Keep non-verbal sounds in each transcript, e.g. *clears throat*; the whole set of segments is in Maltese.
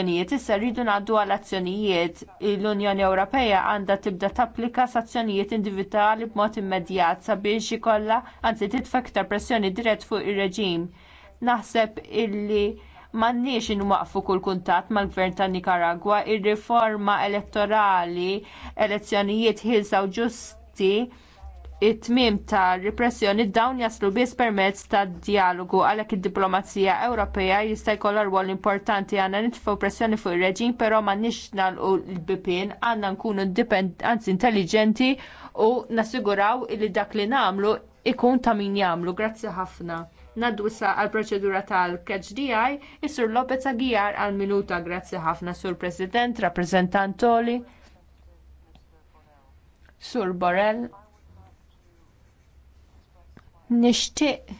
il-kumpanijiet Issa rridu ngħaddu għal azzjonijiet. L-Unjoni Ewropea għandha tibda tapplika sazzjonijiet individwali b'mod immedjat sabiex ikollha anzi titfa' iktar pressjoni dirett fuq ir-reġim. Naħseb illi m'għandniex inwaqfu kull kuntatt mal-Gvern ta' Nikaragwa, ir-riforma elettorali, elezzjonijiet ħilsa u ġusti it-tmiem ta' repressjoni dawn jaslu biss permezz tad dialogu għalhekk id-diplomazija Ewropea jista' jkollha rwol importanti għandna nitfgħu pressjoni fuq ir-reġim però m'għandniex nagħlqu l-bibien għandna nkunu anzi intelligenti u nassiguraw li dak li nagħmlu ikun ta' min jagħmlu. Grazzi ħafna. Naddu issa għall proċedura tal-Catch DI, Isur Lopez Aguiar għal minuta grazzi ħafna Sur President, Rappresentantoli, Sur Borrell, Nixtieq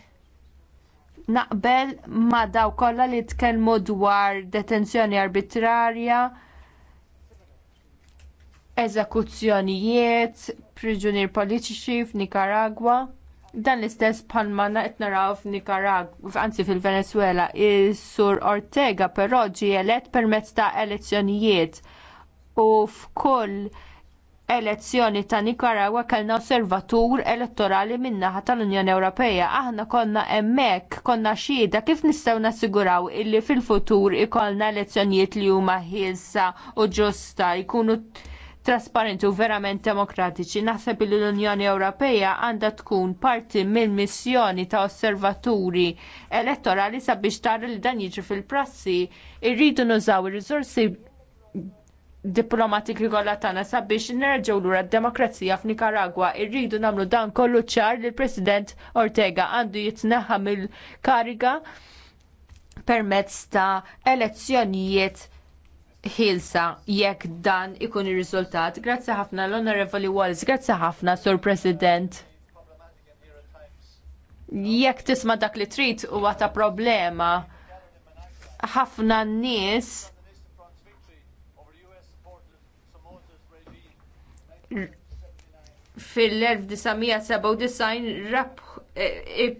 naqbel ma daw kollha li tkellmu dwar detenzjoni arbitrarja, eżekuzzjonijiet, priġunier politiċi f'Nikaragwa. Dan l-istess bħalma qed naraw f'Nikaragwa, anzi fil-Venezuela, is-Sur Ortega però ġie elett permezz ta' elezzjonijiet u f'kull elezzjoni ta' Nicaragua kellna osservatur elettorali min-naħa tal-Unjoni Ewropea. Aħna konna hemmhekk, konna xhieda kif nistgħu nassiguraw illi fil-futur ikollna elezzjonijiet li huma ħilsa u ġusta jkunu trasparenti u verament demokratiċi. Naħseb li l-Unjoni Ewropea għandha tkun parti mill-missjoni ta' osservaturi elettorali sabiex tara li dan jiġri fil-prassi irridu nużaw ir-riżorsi diplomatik li kollha tagħna sabiex nerġgħu lura d-demokrazija f'Nikaragwa irridu nagħmlu dan kollu ċar li l-President Ortega għandu jitnaħa mill-kariga permezz ta' elezzjonijiet ħilsa jekk dan ikun ir-riżultat. Grazzi ħafna l-Onorevoli Wallis, grazzi ħafna Sur President. Jekk tisma' dak li trid huwa ta' problema ħafna nies fil-1997 e- e-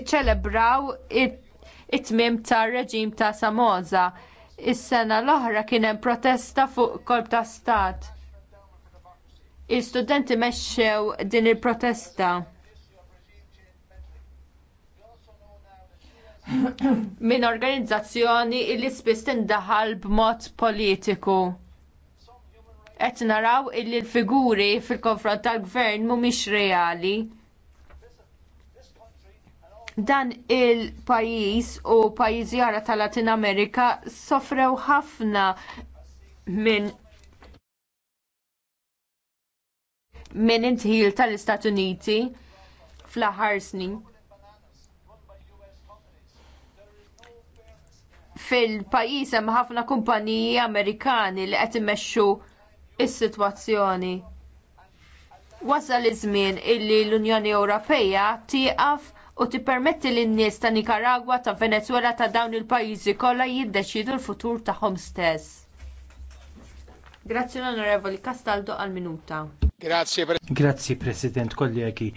iċċelebraw it-tmim tar reġim ta' Samoza. Is-sena l-oħra kien hemm protesta fuq kolb ta' stat. Istudenti mexxew din il-protesta. *clears throat* minn organizzazzjoni li spiss tindaħal b'mod politiku qed naraw illi l-figuri fil-konfront tal-gvern mhumiex reali dan il pajjiż u pajjiżi oħra tal-Latin Amerika sofrew ħafna minn minn intħil tal-Istat Uniti fl-aħħar snin. fil pajjiż hemm ħafna kumpaniji Amerikani li qed imexxu is-sitwazzjoni. Wasal iż-żmien illi l-Unjoni Ewropea tieqaf u tippermetti lin-nies ta' Nikaragwa, ta' Venezuela, ta' dawn il-pajjiżi kollha jiddeċidu l-futur tagħhom stess. Grazzi l-Onorevoli Castaldo għal minuta. Grazzi, pre President kollegi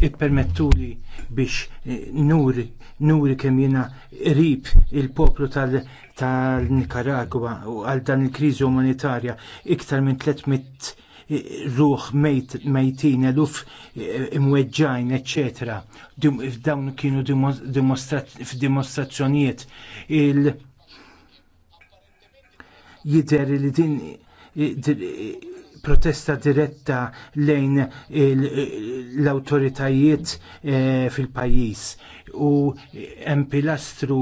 ippermettuli biex eh, nuri, nuri kemm jiena qrib il-poplu tal-Nikaragwa u għal dan il-kriżi umanitarja iktar minn 300 eh, ruħ mejt, mejtin, eluf eh, imweġġajn, etc. Dawn kienu f'dimostrazzjonijiet il jider li din protesta diretta lejn l awtoritajiet eh, fil-pajjiż u hemm pilastru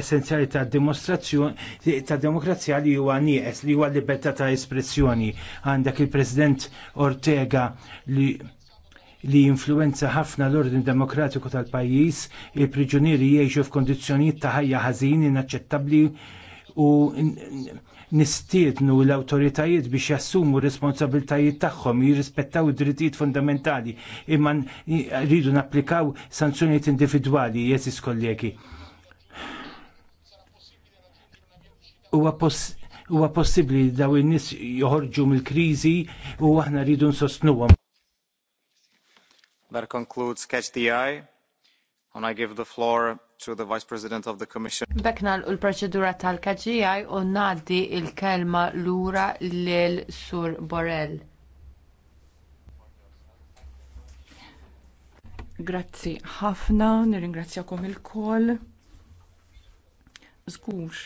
essenzjali ta' dimostrazzjoni ta' demokrazija li huwa nieqes li huwa libertà ta' espressjoni għandek il-President Ortega li li influenza ħafna l-ordin demokratiku tal-pajjiż, il-priġunieri jgħixu f'kondizzjonijiet ta' ħajja ħażin inaċċettabbli u nistiednu l-awtoritajiet biex jassumu responsabiltajiet tagħhom jirrispettaw id-drittijiet fundamentali imma rridu napplikaw sanzjonijiet individwali jeżis kollegi. Huwa huwa possibbli li daw in-nies joħorġu mill-kriżi u aħna rridu nsostnuhom. That concludes Catch the Eye, and I give the floor to the Vice President of the Commission. Bekna l-proċedura tal-KGI u ngħaddi l kelma lura lil Sur Borrell. Grazzi ħafna, nirringrazzjakom il-koll. Żgur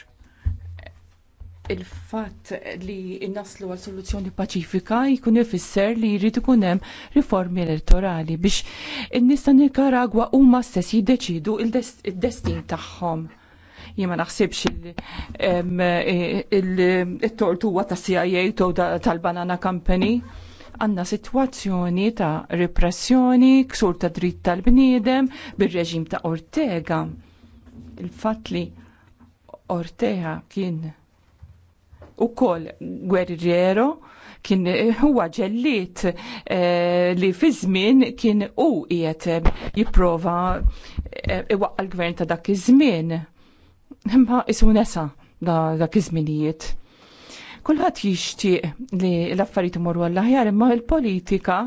il-fatt li naslu għal soluzzjoni paċifika jkun ifisser li jrid ikun hemm riformi elettorali biex in-nies ta' Nikaragwa huma stess jiddeċidu il-destin tagħhom. Jien ma naħsibx il-tort huwa ta' CIA u tal-Banana Company. Għanna sitwazzjoni ta' repressjoni, ksur ta' dritt tal-bniedem, bir-reġim ta' Ortega. Il-fatt li Ortega kien u kol guerriero kien huwa ġellit eh, li fi żmien kien u qiegħed jipprova eh, iwaqqa l-gvern ta' dak iż-żmien. Imma isu nesa da dak iż-żminijiet. Kulħadd jixtieq li l-affarijiet imorru għall aħjar imma l-politika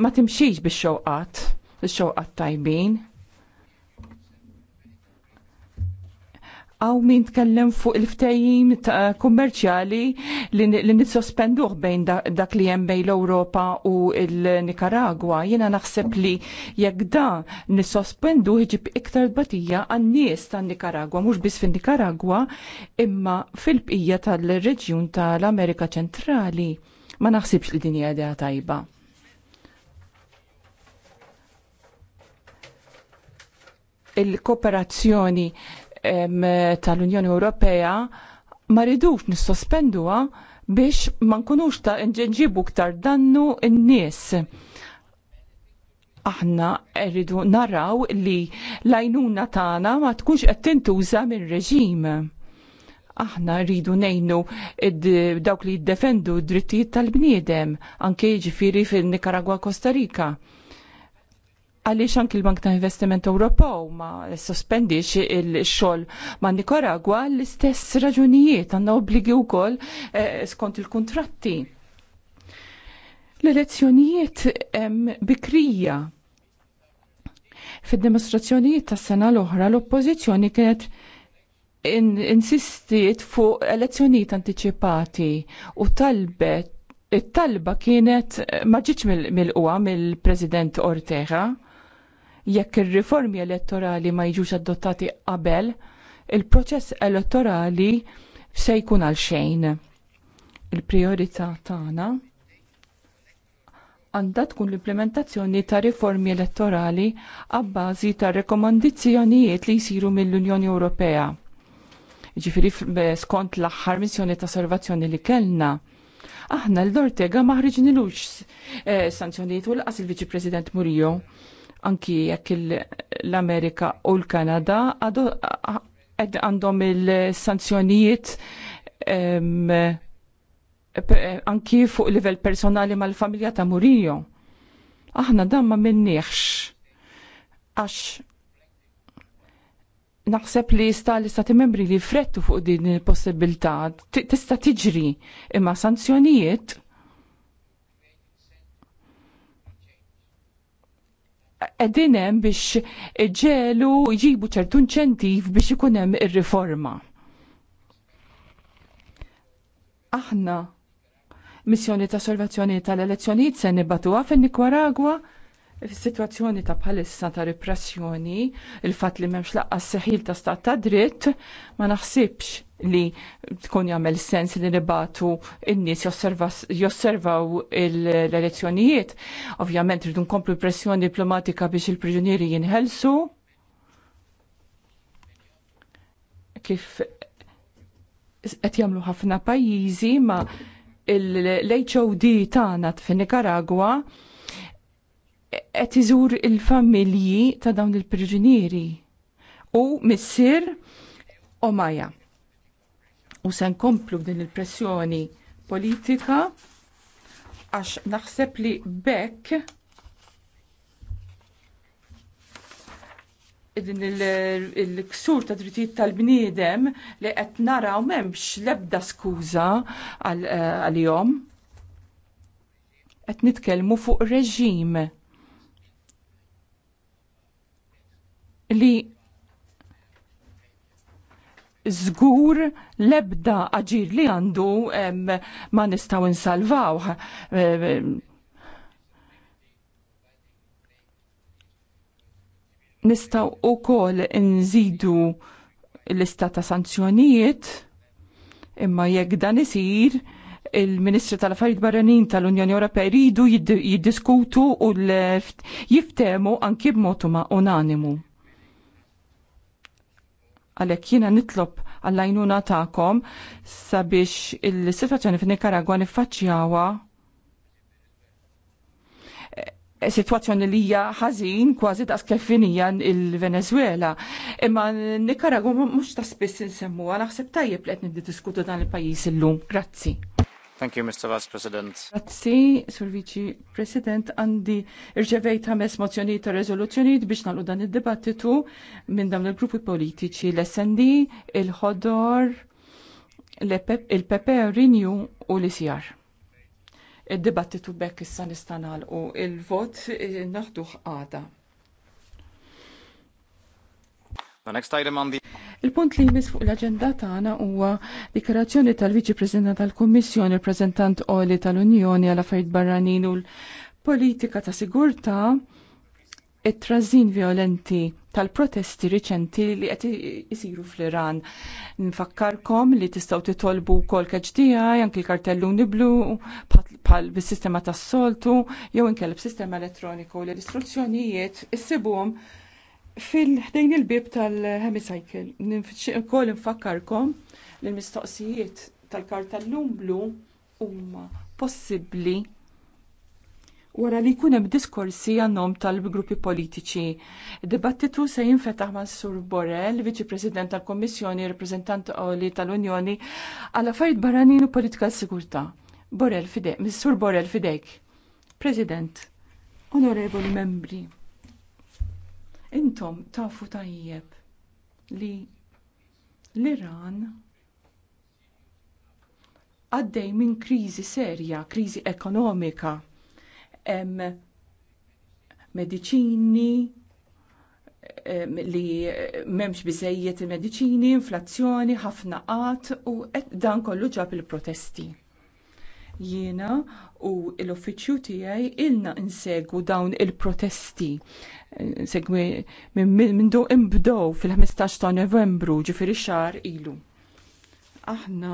ma timxix bix-xewqat, ix-xewqat tajbin għaw min tkellem fuq il-ftejim kummerċjali li nissospenduh bejn dak li hemm bejn l-Ewropa u l-Nikaragwa. Jiena naħseb li jekk da nissospendu ħiġib iktar batija għan-nies tan-Nikaragwa, mhux biss fin-Nikaragwa, imma fil-bqija tal-reġjun tal-Amerika Ċentrali. Ma naħsibx li din hija tajba. il-kooperazzjoni tal-Unjoni Ewropea ma ridux nissospenduha biex ma nkunux ta' nġibu ktar dannu n-nies. Aħna rridu naraw li l-għajnuna tagħna ma tkunx qed tintuża mir-reġim. Aħna rridu nejnu dawk li jiddefendu d-drittijiet tal-bniedem, anke ġifiri fil-Nikaragwa Kosta Rika għaliex anki l-Bank ta' Investiment Ewropew ma sospendix il-xogħol ma' Nikaragwa l-istess raġunijiet għandna obbligi wkoll eh, skont il-kuntratti. L-elezzjonijiet bikrija fid-demonstrazzjonijiet tas-sena l-oħra l-oppożizzjoni kienet insistiet fuq elezzjonijiet antiċipati u talbet it-talba kienet eh, ma ġietx mill-qwa mill-President Ortega Jekk ir-riformi elettorali ma jiġux adottati qabel, il-proċess elettorali se jkun għal xejn. Il-priorità tagħna għandha tkun l-implementazzjoni ta' riformi elettorali għabbażi ta' rekomandizzjonijiet li jsiru mill-Unjoni Ewropea. Ġifiri skont l-aħħar missjoni ta' osservazzjoni li kellna, aħna l-Dortega maħriġnilux eh, sanzjonijiet u l-qas il-Viċi President Murillo anki jekk l-Amerika u l-Kanada għandhom il-sanzjonijiet anki fuq livell personali mal-familja ta' Murillo. Aħna dan ma minniħx. għax naħseb li sta li stati membri li frettu fuq din il-possibilità tista' tiġri imma sanzjonijiet edinem biex ġelu jġibu ċertu inċentiv biex ikunem ir-riforma. Aħna missjoni ta' salvazzjoni tal-elezzjonijiet se nibbatuha fin-Nikaragwa Fis-sitwazzjoni ta' bħalissa ta' repressjoni, il-fatt li m'hemmx laqqas seħil ta' stat ta' dritt, ma naħsibx li tkun jagħmel sens li nibatu n-nies josservaw l-elezzjonijiet. Ovvjament rridu nkomplu pressjoni diplomatika biex il-priġunieri jinħelsu. Kif qed jagħmlu ħafna pajjiżi ma l-HOD tagħna fin Nicaragua qed iżur il-familji ta' dawn il-priġunieri u missir maja. U se nkomplu din il-pressjoni politika għax naħseb li bekk din il-ksur ta' drittijiet tal-bniedem li qed naraw m'hemmx l-ebda skuża għal-jom. Qed nitkellmu fuq reġim li Zgur lebda aġir li għandu ma nistaw insalvaw. Nistaw u kol nżidu l ista ta' sanzjonijiet imma jekk dan isir il-Ministri tal-Affarijiet Barranin tal-Unjoni Ewropea jridu jiddiskutu u jiftemu anki b'mod unanimu. Għalhekk jiena nitlob għall-għajnuna tagħkom sabiex il-sitwazzjoni fin Nicaragua niffaċċjawha e, situazzjoni li hija ħażin kważi daqs kelfinija il-Venezuela. Imma Nicaragua mhux ta' spiss insemmuha naħseb tajjeb li qed niddiskutu dan il-pajjiż illum. Grazzi. Thank you, Mr. Vice President. Grazzi, Sur Vici President, għandi irġevejt ħames mozzjoni ta' rezoluzzjoni biex nalu dan id-dibattitu minn dawn il-gruppi politiċi l-SND, il-ħodor, e il ppr Renew u l-ICR. Id-dibattitu bekk issa nista' nagħlqu il-vot eh, naħduh għada. Il-punt li jmiss fuq l-agenda tagħna huwa dikarazzjoni tal-Viċi President tal-Kummissjoni il-Preżentant Oli tal-Unjoni għal affarijiet barranin u l-politika ta' sigurtà it-trażin violenti tal-protesti riċenti li qed isiru fl-Iran. Nfakkarkom li tistgħu titolbu wkoll keġdijaj anke l-kartelluni blu bħal bis-sistema tas-soltu jew inkella b'sistema elettroniku li l-istruzzjonijiet issibuhom Fil-ħdejn il-bib tal-hemicycle, kol nfakkarkom l-mistoqsijiet tal-karta l-lum blu huma possibbli wara li jkun hemm diskorsi għannom tal-gruppi politiċi. Dibattitu se jinfetaħ ma' Sur Borrell, viċi President tal-Kommissjoni, reprezentant oli tal-Unjoni, għal affarijiet barranin u politika s-sigurtà. Borrell fidek, Sur Borrell fidek. President, onorevoli membri. Intom tafu tajjeb li l-Iran għaddej minn kriżi serja, kriżi ekonomika, hemm mediċini li memx biżejjed il-mediċini, inflazzjoni, ħafna qat u dan kollu ġab il-protesti. Jiena u l-uffiċju tiegħi ilna insegu dawn il-protesti segwi minn du imbdow fil-15 ta' Novembru ġifiri xar ilu. Aħna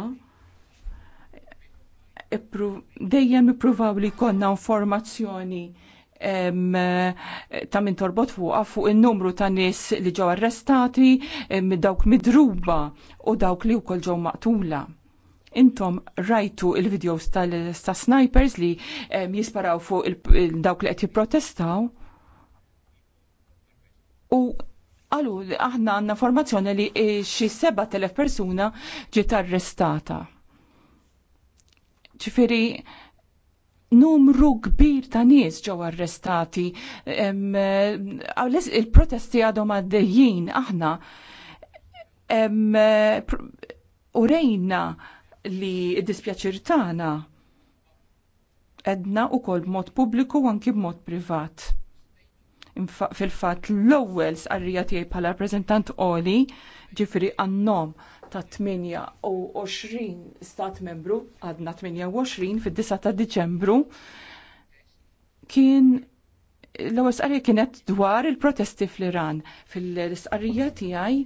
dejjem ippruvaw li konna informazzjoni ta' min torbot fuq fuq il-numru ta' nis li ġew arrestati, dawk midruba u dawk li wkoll ġew maqtula. Intom rajtu il-videos ta' snipers li jisparaw fuq dawk li qed jipprotestaw Għalu, aħna għanna formazzjoni li xi 7000 persuna ġiet arrestata. Ċifiri, numru kbir ta' nies ġew arrestati, il-protesti għadhom għaddejjin aħna urejna li d-dispjaċir tagħna edna u kol b'mod pubbliku u anki b'mod privat fil-fatt l-ewwel sqarrija tiegħi bħala rappreżentant qoli ġifieri għannom ta' 28 stat membru għadna 28 fid-9 ta' Diċembru kien l-ewwel sqarrija kienet dwar il-protesti fl-Iran. Fil-sqarrija tiegħi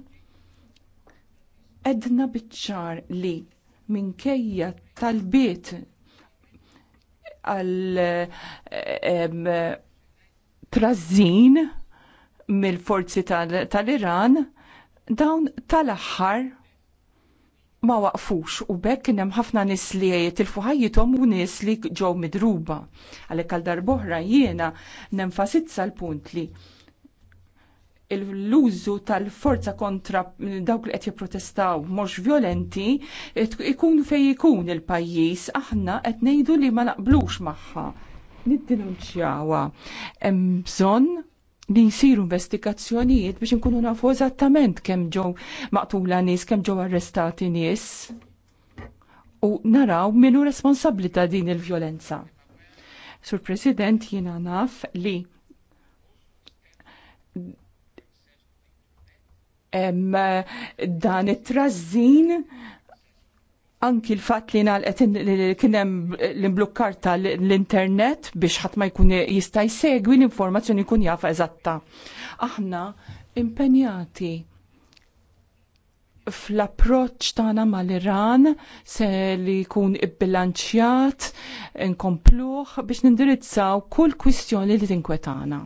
edna biċċar li minkejja tal-bit għal trażin mill-forzi tal-Iran dawn tal-aħħar ma waqfux u bekk kien hemm ħafna nis li il ħajjithom u nies li ġew midruba. Għalhekk għal darb'oħra jiena nenfasizza l-punt li l-użu tal-forza kontra dawk li qed jipprotestaw mhux violenti ikun fejn ikun il-pajjiż aħna qed ngħidu li ma naqblux magħha niddenunċjawa Hemm bżonn li jisiru investigazzjonijiet biex nkunu nafu eżattament kemm ġew maqtula nies, kemm ġew arrestati nies. U naraw minnu responsabbli ta' din il-vjolenza. Sur President jiena naf li em, dan it-trażin anki l-fat li nalqet kienem l-imblukkar tal-internet biex ħadd ma jkun jista' segwi l-informazzjoni jkun jafa eżatta. Aħna impenjati fl-approċ tagħna mal-Iran se li jkun ibbilanċjat inkompluħ biex nindirizzaw kull kwistjoni li tinkwetana.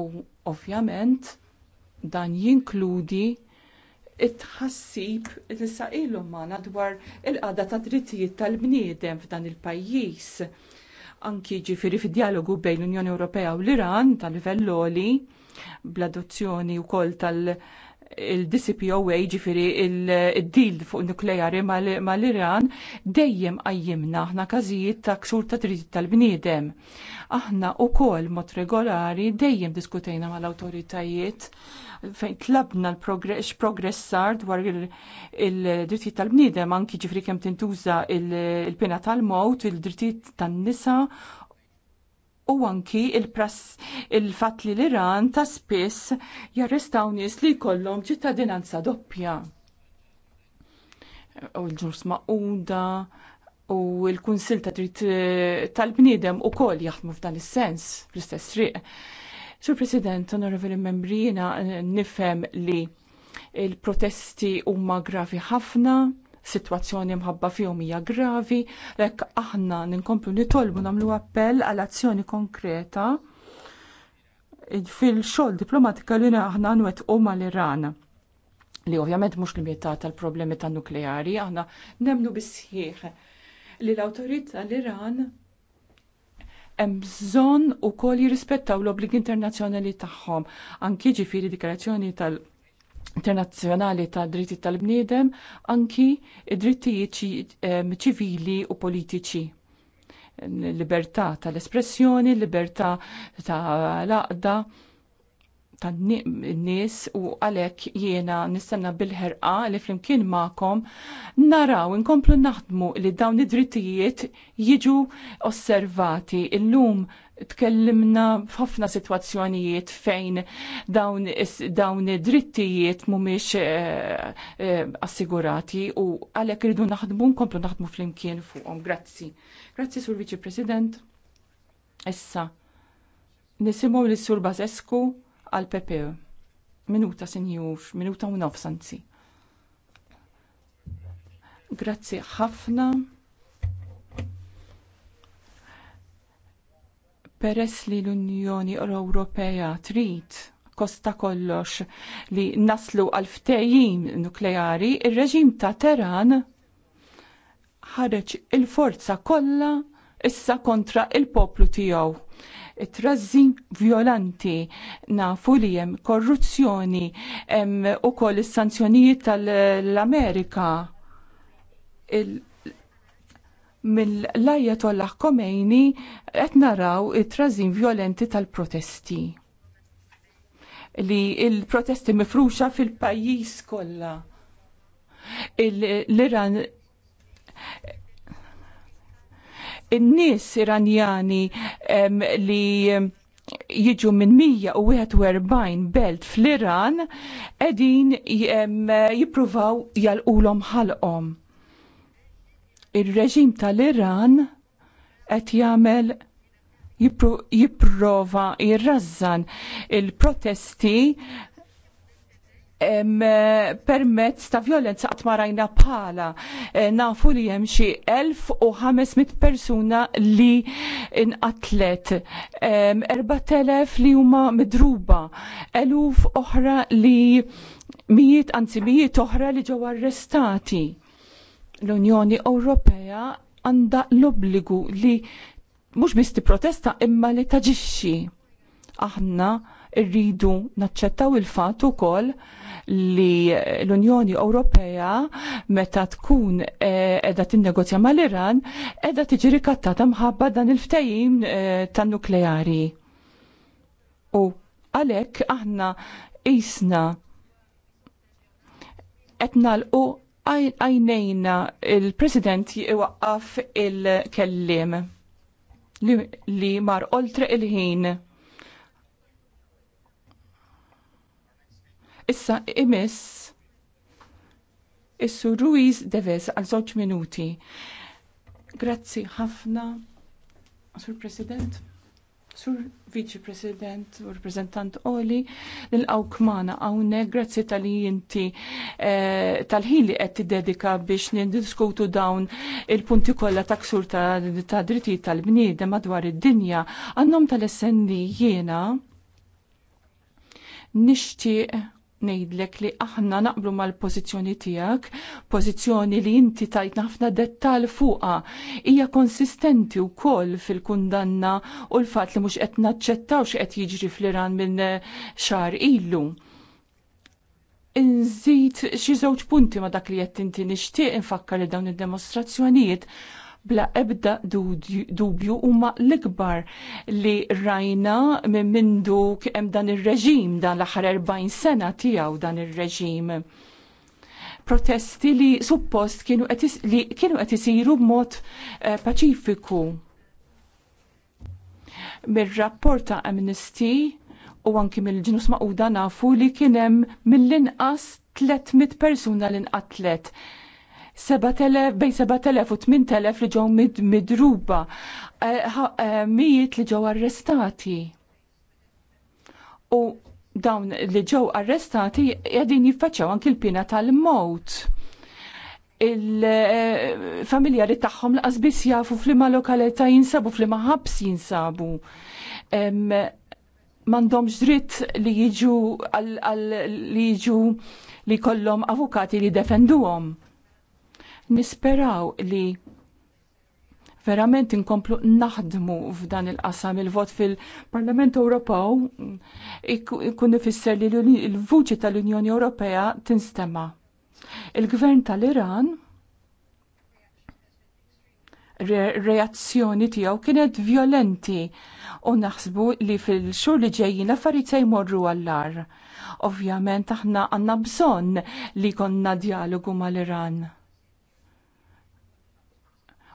U ovvjament dan jinkludi it-ħassib nissa ilu mana dwar il-qada ta' drittijiet tal-bniedem f'dan il-pajjiż. Anki ġifiri fid-dialogu bejn l-Unjoni Ewropea u l-Iran tal-livell oli bl-adozzjoni wkoll tal- il-DCPOA ġifiri il-deal fuq nukleari mal-Iran dejjem għajjimna aħna każijiet ta' ksur ta' dritt tal-bniedem. Aħna u kol mod regolari dejjem diskutejna mal-autoritajiet fejn tlabna l-progress progressar dwar il-dritti il dritti tal bniedem anki ġifri kemm tintuża il-pena il pena tal il-drittijiet tan-nisa u anki il-prass il-fatt li l-Iran ta' spiss jarrestaw nies li jkollhom ċittadinanza doppja. U l-ġurs maquda u l-Kunsil ta' dritt tal-bniedem ukoll jaħdmu f'dan is-sens fl-istess riq Sur President, onorevoli membri, jina eh, nifhem li il-protesti huma gravi ħafna, situazzjoni mħabba fihom hija gravi, lek aħna ninkomplu nitolbu nagħmlu appell għal azzjoni konkreta fil-xogħol diplomatika li aħna nwettqu mal-Iran li ovvjament mhux limitata tal problemi tan-nukleari, aħna nemnu bisħieħ li l-awtorità l-Iran hemm bżonn ukoll jirrispettaw l-obbligi internazzjonali tagħhom. Anki ġifieri dikarazzjoni tal- internazzjonali ta' dritti tal-bniedem anki drittijiet ċivili u politiċi. Libertà tal-espressjoni, libertà tal-aqda, tan-nies u għalhekk jiena nistenna bil-ħerqa li flimkien ma'kom naraw inkomplu naħdmu li dawn id-drittijiet jiġu osservati illum tkellimna f'ħafna sitwazzjonijiet fejn dawn, dawn drittijiet mhumiex eh, eh, assigurati u għalhekk irridu naħdmu nkomplu naħdmu flimkien fuqhom. Grazzi. Grazzi sur Viċi President. Issa nisimgħu lis sur Bazescu għal Pepe. Minuta, sinjur, minuta u nof, sanzi. Grazzi ħafna. Peress li l-Unjoni Ewropea trid kosta kollox li naslu għal ftejjim nukleari, ir-reġim ta' Teran ħareġ il-forza kollha issa kontra il-poplu tiegħu trażin violenti nafu li hemm korruzzjoni u kol is-sanzjonijiet tal-Amerika mill lajja Khomeini qed naraw it-trażin violenti tal-protesti li il-protesti mifruxa fil-pajjiż kollha l-Iran in-nies Iranjani li jiġu minn 141 belt fl-Iran edin jipruvaw jalqulhom ħalqhom. Ir-reġim tal-Iran qed jagħmel jipprova jirrażżan il-protesti permezz ta' violenza qatt ma rajna bħala. E, nafu li hemm xi 1500 persuna li inqatlet, 4000 li huma midruba, eluf oħra li mijiet anzi mijiet oħra li ġew arrestati. L-Unjoni Ewropea għandha l-obbligu li mhux biss protesta imma li taġixxi. Aħna rridu naċċettaw il-fatt ukoll li l-Unjoni Ewropea meta tkun qiegħda eh, tinnegozja mal-Iran qiegħda tiġi rikattata mħabba dan il-ftehim eh, tan-nukleari. U għalhekk aħna isna qed nagħlqu għajnejna il-President jiwaqqaf il-kellim li mar oltre il-ħin. Issa imiss Issu Ruiz Deves għal żewġ minuti. Grazzi ħafna, Sur President, Sur Vice President, u Reprezentant Oli, nil-għawk mana għawne, grazzi tal jinti eh, tal ħili li qed dedika biex nindiskutu dawn il-punti kollha ta' ksur ta', ta dritti tal-bniedem madwar id-dinja, għannom tal-essendi jiena nixtieq ngħidlek li aħna naqblu mal-pożizzjoni tiegħek, pożizzjoni li inti tajt ħafna dettal fuqha hija konsistenti wkoll fil-kundanna u l-fatt li mhux qed naċċettaw x'qed jiġri fl-Iran minn eh, xahar ilu. Inżid xi żewġ punti ma dak li qed inti nixtieq infakkar li dawn id-demostrazzjonijiet bla ebda dubju huma l-ikbar li rajna minn mindu hemm dan ir-reġim dan l-aħħar 40 sena tiegħu dan ir-reġim protesti li suppost kienu qed isiru b'mod eh, paċifiku. Mir-rapport ta' Amnesty u anki mill-ġnus maquda nafu li kien hemm mill-inqas 300 persuna l-inqatlet bejn 7000 u 8000 li ġew midruba, eh, eh, mijiet li ġew arrestati. U dawn li ġew arrestati qegħdin jiffaċċjaw anki l-pina tal-mewt. Il-familjari eh, tagħhom l biss jafu flima lokalità jinsabu flima ħabs jinsabu. M'għandhomx dritt li jiġu li jiġu li kollom avukati li defenduhom Nisperaw li verament inkomplu naħdmu f'dan il-qasam il-vot fil-Parlament Ewropew ikun ifisser li l-vuċi tal-Unjoni Ewropea tinstema. Il-Gvern tal-Iran reazzjoni tiegħu kienet violenti u naħsbu li fil-xhur li ġejjin affarijiet se jmorru għall-ar. Ovvjament aħna għandna bżonn li konna dialogu mal-Iran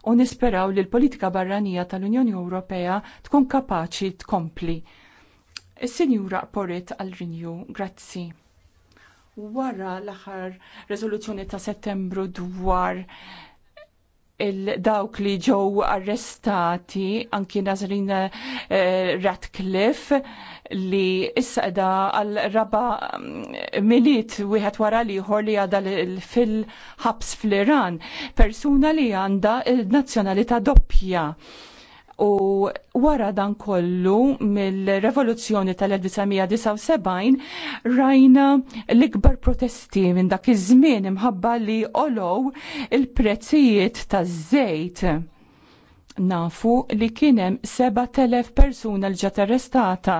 u nisperaw li l-politika barranija tal-Unjoni Ewropea tkun kapaċi tkompli. Is-Sinjura Porit għal-Rinju, grazzi. Wara l-aħħar rezoluzzjoni ta' settembru dwar il-dawk li ġew arrestati anki Nazrin eh, Ratcliffe li issa da għal raba mm, miliet wieħed wara liħor li għada fil-ħabs fl-Iran, persuna li għanda il-nazzjonalità doppja. U wara dan kollu mill-revoluzzjoni tal-1979 rajna l-ikbar protesti minn dak iż-żmien imħabba li olow il-prezzijiet taż-żejt nafu li kienem 7000 persuna li ġat arrestata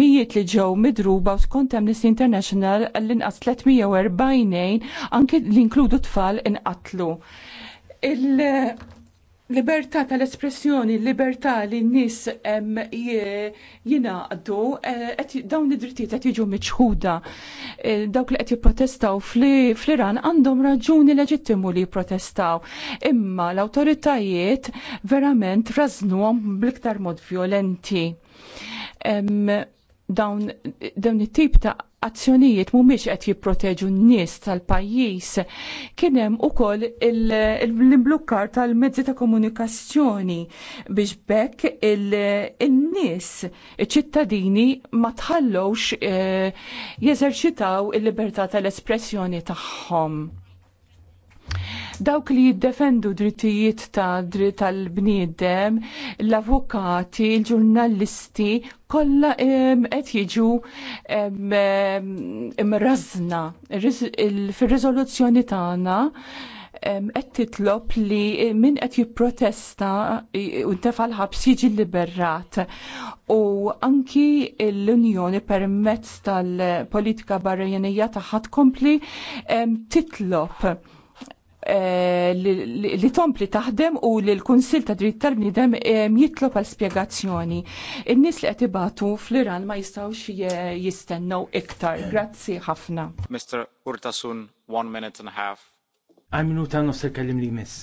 mijiet li ġew midruba u skont Amnesty International l-inqas 340 anki li inkludu tfal inqatlu. Il- Libertà tal-espressjoni, libertà li n-nis jinaqdu, eh, dawn id-drittijiet qed jiġu miċħuda. Eh, dawk li qed jipprotestaw fl-Iran għandhom raġuni leġittimu li jipprotestaw. Imma l-awtoritajiet verament raznuhom bl-iktar mod violenti dawn dawn it-tip ta' azzjonijiet mhumiex qed jipproteġu n-nies tal-pajjiż. Kien hemm ukoll l-imblukkar tal-mezzi ta' komunikazzjoni biex bekk in-nies iċ-ċittadini ma tħallowx eh, jeżerċitaw il-libertà tal-espressjoni tagħhom dawk li jiddefendu drittijiet ta' dritt tal-bniedem, l-avukati, l-ġurnalisti, kollha qed jiġu imrażna fir-riżoluzzjoni tagħna qed titlob li min qed jipprotesta u ntefal ħabs jiġi liberat. U anki l-Unjoni permezz tal-politika barranija tagħha tkompli titlob Eh, li tompli taħdem u li l-Kunsil ta' dritt tal-bnidem eh, jitlob għal spjegazzjoni. In-nies li qed ibatu fl-Iran ma jistgħux jistennew iktar. Grazzi ħafna. Mr. Urtasun, one minute and a half. Għaj minuta nofs il-kellim li miss.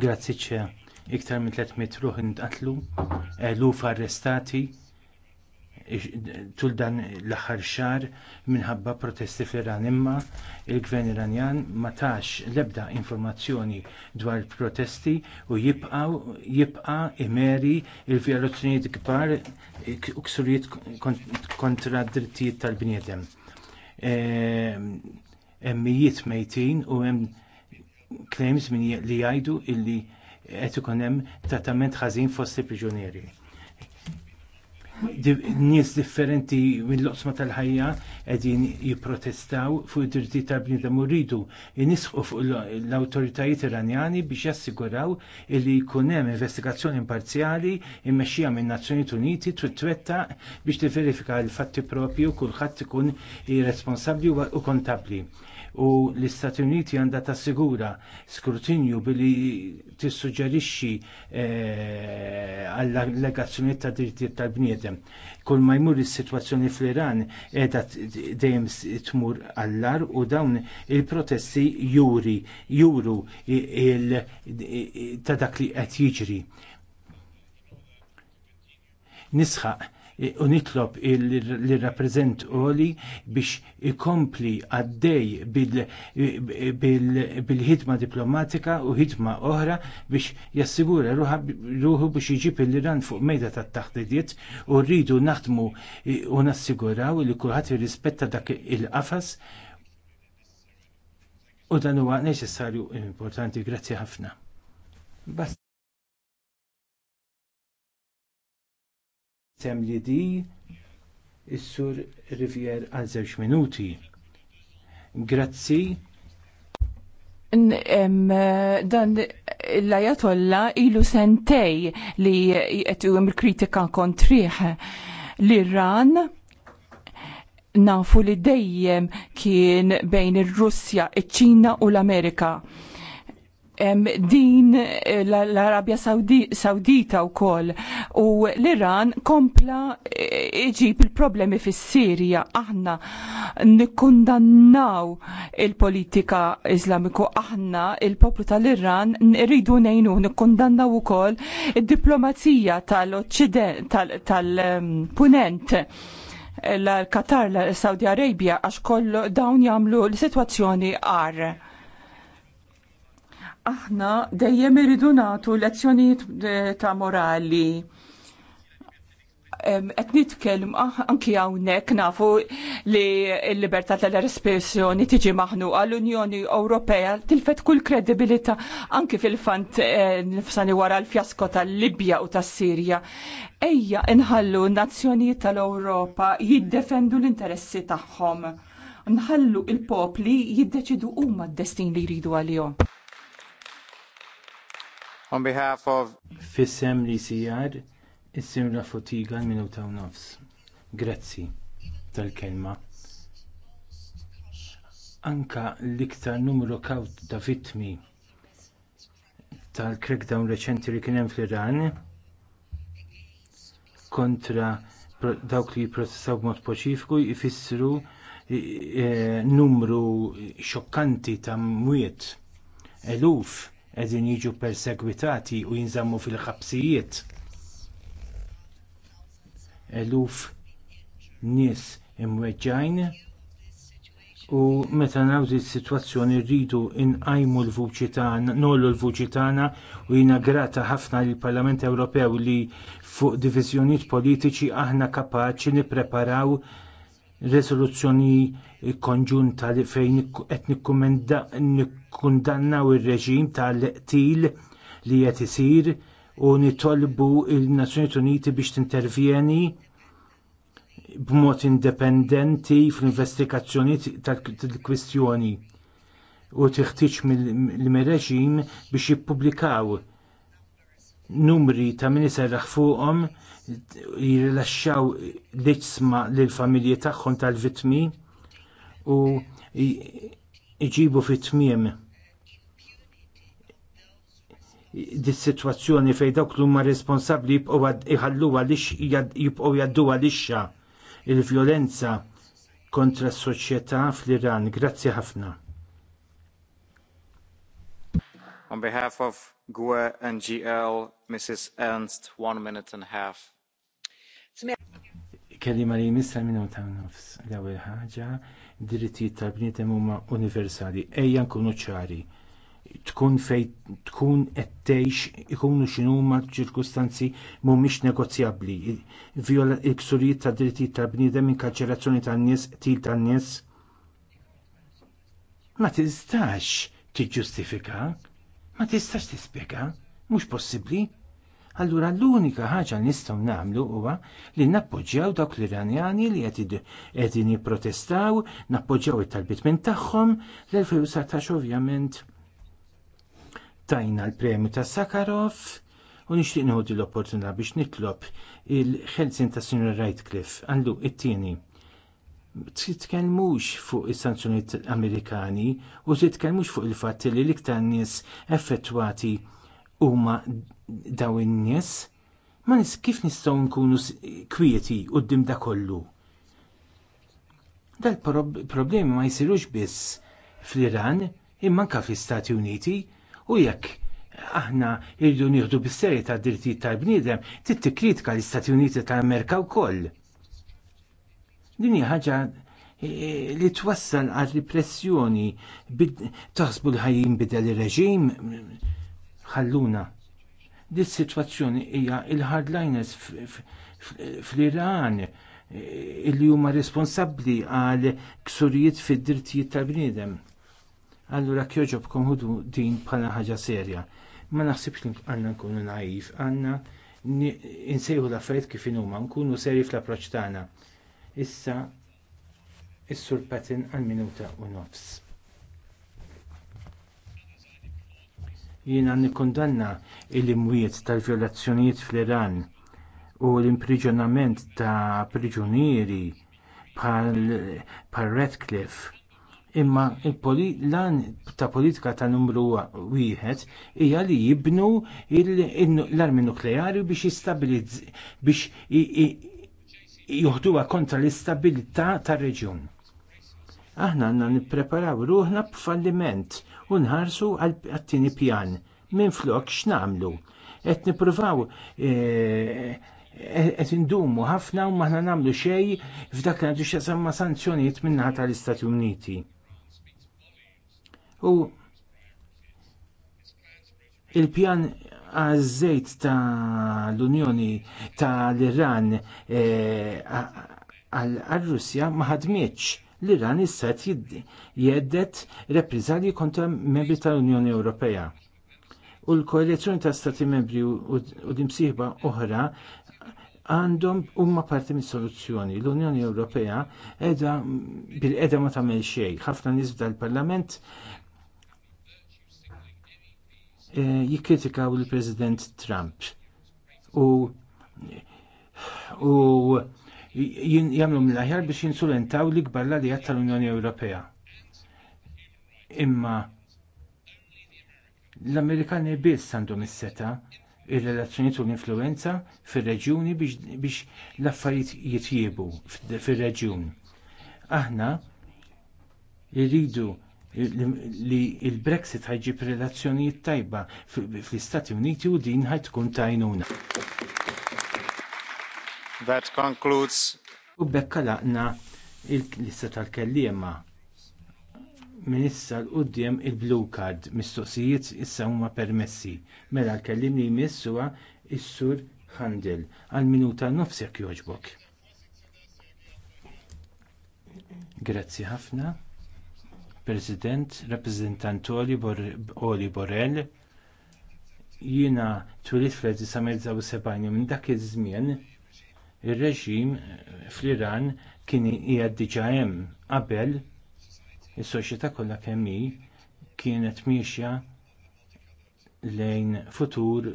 Grazzi ċe. Iktar minn 300 t-għatlu, l eluf arrestati, tul dan l-aħħar xahar minħabba protesti fl-Iran imma il-gvern Iranjan ma tax l-ebda informazzjoni dwar protesti u jibqaw jibqa imeri il-vjolazzjonijiet kbar u ksurijiet kontra d-drittijiet tal-bniedem. E, Emmijiet mejtin u hemm claims li jgħidu illi qed ikun hemm trattament ħażin fost il-priġunieri nies differenti mill-loqsma tal-ħajja qegħdin jipprotestaw fuq id-dirti tal-bniedem u rridu jnisħu fuq l-awtoritajiet iranjani biex jassiguraw li jkun hemm investigazzjoni imparzjali mmexxija minn Nazzjonijiet Uniti twetta biex tiverifika l-fatti propju kulħadd ikun responsabbli u kontabbli u l-Istati Uniti għandha tassigura skrutinju billi tissuġġerixxi eh, għall-allegazzjonijiet ta' drittijiet tal-bniedem. Kull ma jmur is-sitwazzjoni fl-Iran qiegħda dejjem tmur allar u dawn il-protesti juri juru ta' dak li qed jiġri. Nisħaq u nitlob l-rappreżent li biex ikompli għaddej bil-ħidma diplomatika u ħidma oħra biex jassigura ruħu biex iġib l-Iran fuq mejda ta' taħdidiet u rridu naħdmu u nassiguraw li kulħadd jirrispetta dak il-qafas u dan huwa neċessarju importanti. Grazzi ħafna. tem li di Is-Sur Rivier għal żewġ minuti. Grazzi. Dan l-ajatolla ilu sentej li jgħetu kritika kontriħ l-Iran nafu li dejjem kien bejn ir-Russja, iċ-Ċina u l-Amerika din eh, l-Arabja Sawdita u koll u l-Iran kompla eh, iġib il-problemi fis sirja aħna nikkundannaw il-politika islamiku aħna il-poplu tal-Iran rridu nejnu nikkundannaw u koll il-diplomazija tal-Occident tal-Punent l-Katar, l-Saudi Arabia, għax kollu dawn jamlu l-situazzjoni għar aħna dejjem irridu nagħtu lezzjonijiet eh, ta' morali. Qed nitkellem ah, anki hawnhekk nafu li l-libertà tal-espressjoni tiġi maħnuqa l-Unjoni Ewropea tilfet kull kredibilità anki fil-fant eh, nifsani wara l-fjasko tal-Libja u tas-Sirja. Ejja inħallu n-nazzjonijiet tal-Ewropa jiddefendu l-interessi tagħhom nħallu il-popli jiddeċidu huma d-destin li jridu għalihom. On behalf of Fissem li sijar, is fotiga minuta u nofs. Grazzi tal-kelma. Anka l-iktar numru kawt ta' vittmi tal-crackdown reċenti li kien hemm fl-Iran kontra dawk li jipprotestaw b'mod paċifiku jfissru eh, numru xokkanti ta' mwiet eluf qegħdin jiġu persegwitati u jinżammu fil-ħabsijiet. Eluf nies imweġġajn u meta nawdi s-sitwazzjoni rridu inqajmu l-vuċi tagħna, nollu l-vuċi tagħna u jiena grata ħafna lill parlament Ewropew li fuq diviżjonijiet politiċi aħna kapaċi nippreparaw Resoluzzjoni konġunta li fejn qed nikkundannaw ir-reġim tal-qtil li qed isir u nitolbu il-Nazzjonijiet Uniti biex tintervjeni b'mod indipendenti fl-investigazzjoni tal-kwistjoni u tiħtieġ mill-reġim biex jippubblikaw numri ta' min serraħ fuqhom jirilaxxaw l lill familji tagħhom tal-vittmi u jġibu fit-tmiem is sitwazzjoni fejn dawk li huma responsabbli jibqgħu iħalluha lix jibqgħu jadduha lixxa il-vjolenza kontra s-soċjetà fl-Iran. Grazzi ħafna. On behalf of gue ngl mrs ernst one minute and a half Kelima li jmissa minuta nofs l-ewwel ħaġa drittijiet tal-bniedem huma universali. Ejja nkunu ċari. Tkun fej tkun qed tgħix ikunu x'inhuma ċirkustanzi mhumiex negozjabbli. Il-ksurijiet ta' drittijiet tal-bniedem inkarċerazzjoni tan-nies, til tan-nies. Ma tistax tiġġustifika Ma tistax tispjega, mhux possibbli. Allura l-unika ħaġa li nistgħu nagħmlu huwa li nappoġġjaw dawk l-Iranjani li qed qegħdin jipprotestaw, nappoġġjaw it-talbit minn tagħhom l-2019 ovvjament tajna l-premju ta' Sakharov u nixtieq nħoddi l-opportunità biex nitlob il-ħelsin ta' Sinjor Rightcliffe. Allu it-tieni titkellmux fuq is-sanzjonijiet Amerikani u titkellmux fuq il-fatt li l-iktar nies effettwati huma dawn in-nies, ma nis kif nistgħu nkunu kwieti quddiem da kollu. Dal-problemi ma jsirux biss fl-Iran imma anke fl-Istati Uniti u jekk aħna rridu nieħdu bis-serjetà d-drittijiet tal-bniedem, trid tikkritika l-Istati Uniti tal-Amerika wkoll Din ħaġa eh, eh, li twassal għal ripressjoni taħsbu l ħajjin bidel ir-reġim ħalluna. Dis sitwazzjoni hija il-hardliners fl-Iran eh, illi huma responsabbli għal ksurijiet fid-drittijiet tal-bniedem. Allura kjoġobkom hudu din bħala ħaġa serja. Ma naħsibx li għandna nkunu naif, għandna insejħu l-affarijiet kif huma, nkunu serji fl-approċċ tagħna. Issa is-sur Patin għal minuta u nofs. Jiena nikkundanna il-imwiet tal-violazzjonijiet fl-Iran u l imprigjonament ta' priġunieri bħal Redcliffe imma l-an ta' politika ta' numru wieħed hija li jibnu l-armi nukleari biex jistabilizz biex juħduha kontra l-istabilità tar-reġjun. Aħna għandna nippreparaw ruħna b'falliment u nħarsu għal-tieni pjan minn flok x'namlu. Et nipruvaw et eh, indumu ħafna u maħna nagħmlu xej f'dak li għandu x'jasamma sanzjonijiet minnaħa tal-Istati Uniti. U il-pjan għaż-żejt ta' l-Unjoni ta' l-Iran eh, għal-Russja ma ħadmitx l-Iran issa qed jeddet repriżalji kontra membri tal-Unjoni Ewropea. U l-koalizzjoni ta' stati membri u dimsiħba oħra għandhom huma parti mis soluzzjoni L-Unjoni Ewropea edha bil-edha ma tagħmel xejn. Ħafna nies dal-Parlament Eh, jikkritikaw il-President Trump u u jagħmlu mill-aħjar biex jinsulentaw l-ikbar l tal-Unjoni Ewropea. Imma l-Amerikani biss għandhom is-seta ir-relazzjonijiet u l-influenza fir-reġjuni biex l-affarijiet jitjiebu fir-reġjun. Aħna jridu li il-Brexit ħajġib relazzjonijiet tajba fl-Istati Uniti u din ħajtkun tajnuna. That concludes. U bekka laqna l-lista tal-kellima. Minissa l-qoddim il-blue card mistoqsijiet issa huma permessi. Mela l-kellim li jmissuha is-sur Handel għal minuta nofsek jogħġbok. Grazzi ħafna. President, rappresentant Oli, Borrell, jina twilit fl-1979 minn dak iż-żmien ir-reġim eh, fl-Iran kien qiegħed diġà hemm qabel is-soċjetà kollha kemm hi kienet miexja lejn futur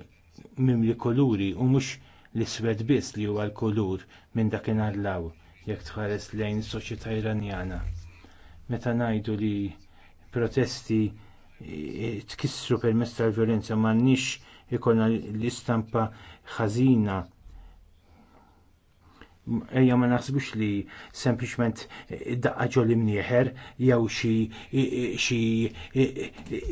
mimli kuluri u mhux l-iswed biss li huwa l-kulur minn dakinhar l-għaw jekk tħares lejn is-soċjetà Iranjana meta ngħidu li protesti eh, tkissru permezz tal-violenza m'għandniex ikollna l-istampa ħażina ejja ma naħsbux li sempliċement eh, daqqa ġolim nieħer jew xi eh,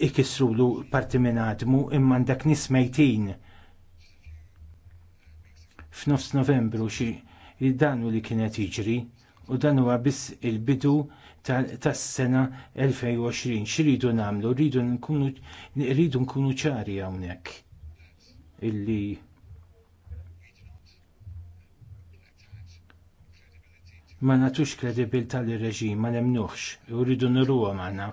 ikissrulu parti minn għadmu imma dak nies mejtin. F'nofs Novembru xi danu li kienet jiġri u dan huwa biss il-bidu tas-sena 2020. X'ridu nagħmlu? Rridu nkunu ċari hawnhekk illi ma nagħtux kredibilta lir reġim ma nemnuħx, u rridu nruha magħna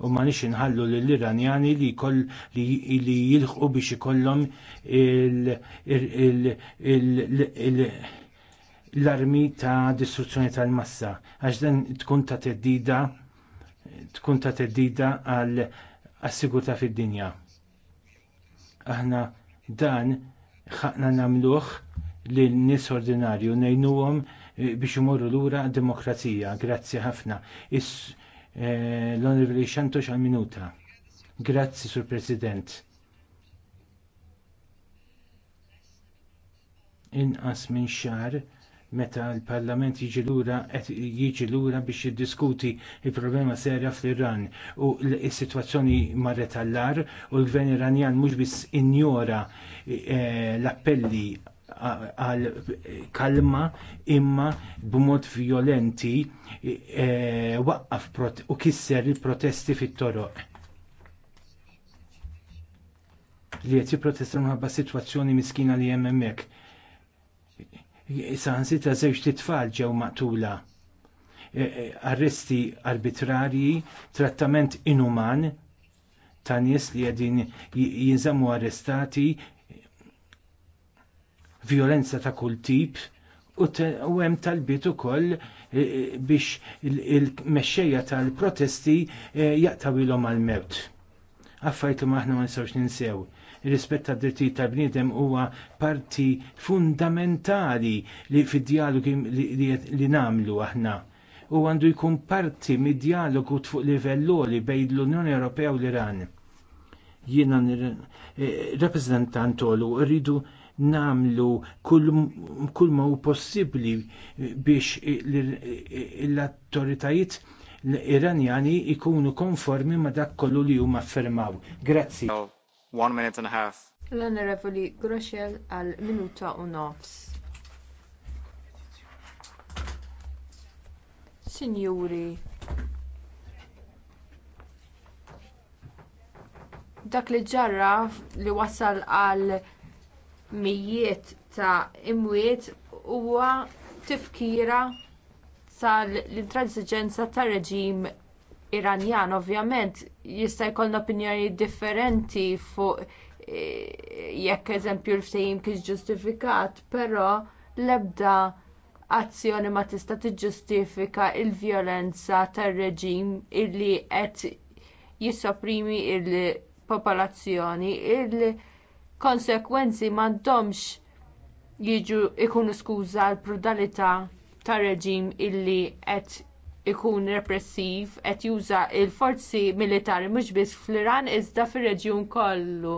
u ma nix inħallu lill iranjani li koll li jilħqu biex ikollhom il l-armi ta' distruzzjoni tal-massa, għax dan tkun ta' teddida tkun ta' teddida għal assigurta fid-dinja. Aħna dan ħaqna namluħ l nies ordinarju nejnuhom eh, biex imorru lura demokrazija. Grazzi ħafna. Eh, L-Onorevoli Xantox għal minuta. Grazzi, Sur President. Inqas minn xar meta l-Parlament jiġi lura qed jiġi lura biex jiddiskuti l problema serja fl-Iran u l-sitwazzjoni marret allar u l-Gvern Iranjan mhux biss injora eh, l-appelli għal kalma imma b'mod vjolenti eh, waqqaf u kisser il-protesti fit-toroq li qed jipprotestaw minħabba sitwazzjoni miskina li hemm hemmhekk sansi ta' zewġ titfal ġew maqtula. E, e, arresti arbitrarji, trattament inuman ta' nies li qegħdin jinżammu arrestati, violenza ta' kull tip, u hemm talbiet ukoll e, biex il-mexxejja tal-protesti jaqtawilhom għal-mewt. Affajtu maħna ma nistgħux ninsew rispett tad drittijiet tal-bniedem huwa parti fundamentali li fid-dialogi li, li nagħmlu aħna u għandu jkun parti mid-dialogu fuq livell li bejn l-Unjoni Ewropea u l-Iran. Jiena eh, rappresentant rridu namlu kull ma u possibbli biex l-attoritajiet iranjani ikunu konformi ma dak kollu li huma affermaw. Grazzi one minute and a half. L-Onorevoli Groschel għal minuta u nofs. Signuri. dak li ġarra li wasal għal mijiet ta' imwiet huwa tifkira tal-intransiġenza tar reġim Iranjan ovvjament jista' jkollna opinjoni differenti fuq e, jekk eżempju l-ftehim kien ġustifikat, però l-ebda azzjoni ma tista' tiġġustifika l-vjolenza tar-reġim illi qed jissopprimi l popolazzjoni il-konsekwenzi m'għandhomx jiġu jkunu skuża għall-brutalità tar-reġim illi qed ikun repressiv qed juża l forzi militari mhux biss fl-Iran iżda fir-reġjun kollu.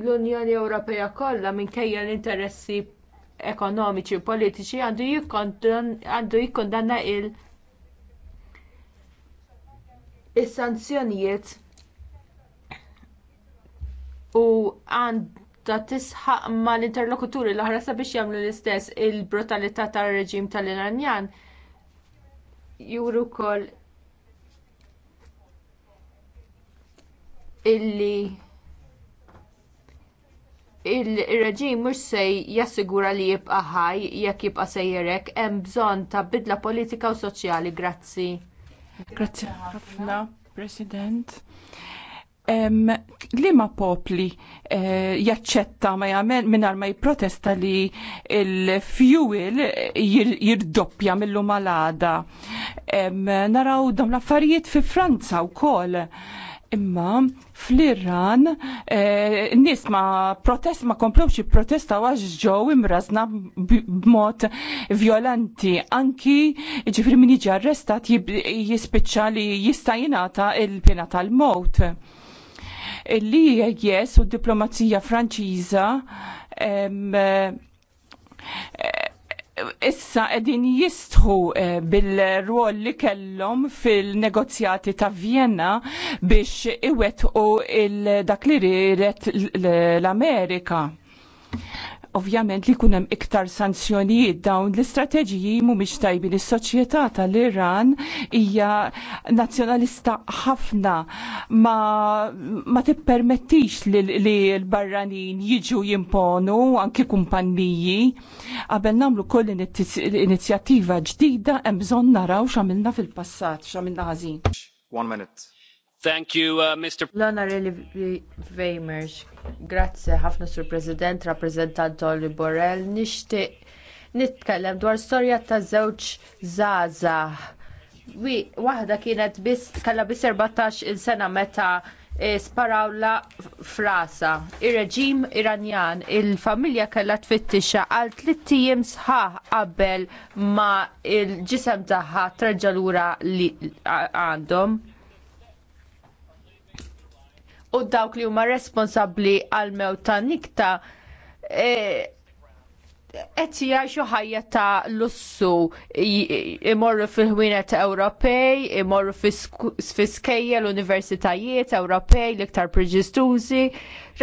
L-Unjoni Ewropea kollha minkejja l-interessi ekonomiċi u politiċi għandu jikkondanna il is-sanzjonijiet u għand ta' tisħaq mal interlokuturi l-oħra sabiex jagħmlu l-istess il-brutalità tar-reġim tal-Iranjan juru wkoll illi il-reġim mhux se jassigura li jibqa' ħaj jekk jibqa' sejjerek hemm bżonn ta' bidla politika u soċjali grazzi. Grazzi ħafna, President li ma popli eh, jaċċetta ma jagħmel mingħajr ma jipprotesta li il-fuel jirdoppja millu malada. Naraw dawn l-affarijiet fi Franza wkoll. Imma fl-Iran n eh, nis ma protest ma komplux protesta għax ġew imrażna b'mod violenti. Anki ġifri min jiġi arrestat jispiċċa li jista' jingħata l pena tal-mowt li jes u diplomazija franċiża eh, issa qegħdin jistħu eh, bil-rol li kellhom fil-negozjati ta' Vienna biex iwettqu dak li riret l-Amerika. Ovvjament li kunem iktar sanzjonijiet dawn l-istrateġiji mhumiex tajbin is-soċjetà tal-Iran hija nazzjonalista ħafna ma, ma tippermettix li, l-barranin jiġu jimponu anki kumpanniji qabel nagħmlu koll inizjattiva ġdida hemm bżonn naraw x'għamilna fil-passat x'għamilna ħażin. One minute. Thank you, uh, Mr. L-Onorevoli Weimers, grazie ħafna sur President, rappresentant Olli Borrell, nixtieq nitkellem dwar storja ta' żewġ zaza. Wi, waħda kienet biss kalla biss 14 il sena meta eh, sparawla frasa. Ir-reġim Iranjan, il-familja kellha tfittixa għal tliet ijiem sħaħ qabel ma il-ġisem taħħa treġalura lura li għandhom u dawk li huma responsabbli għal mewt ta' nikta e, qed jgħixu ħajja ta' lussu imorru fil-ħwienet Ewropej, imorru fis fiskejja l-universitajiet Ewropej l-iktar preġistużi,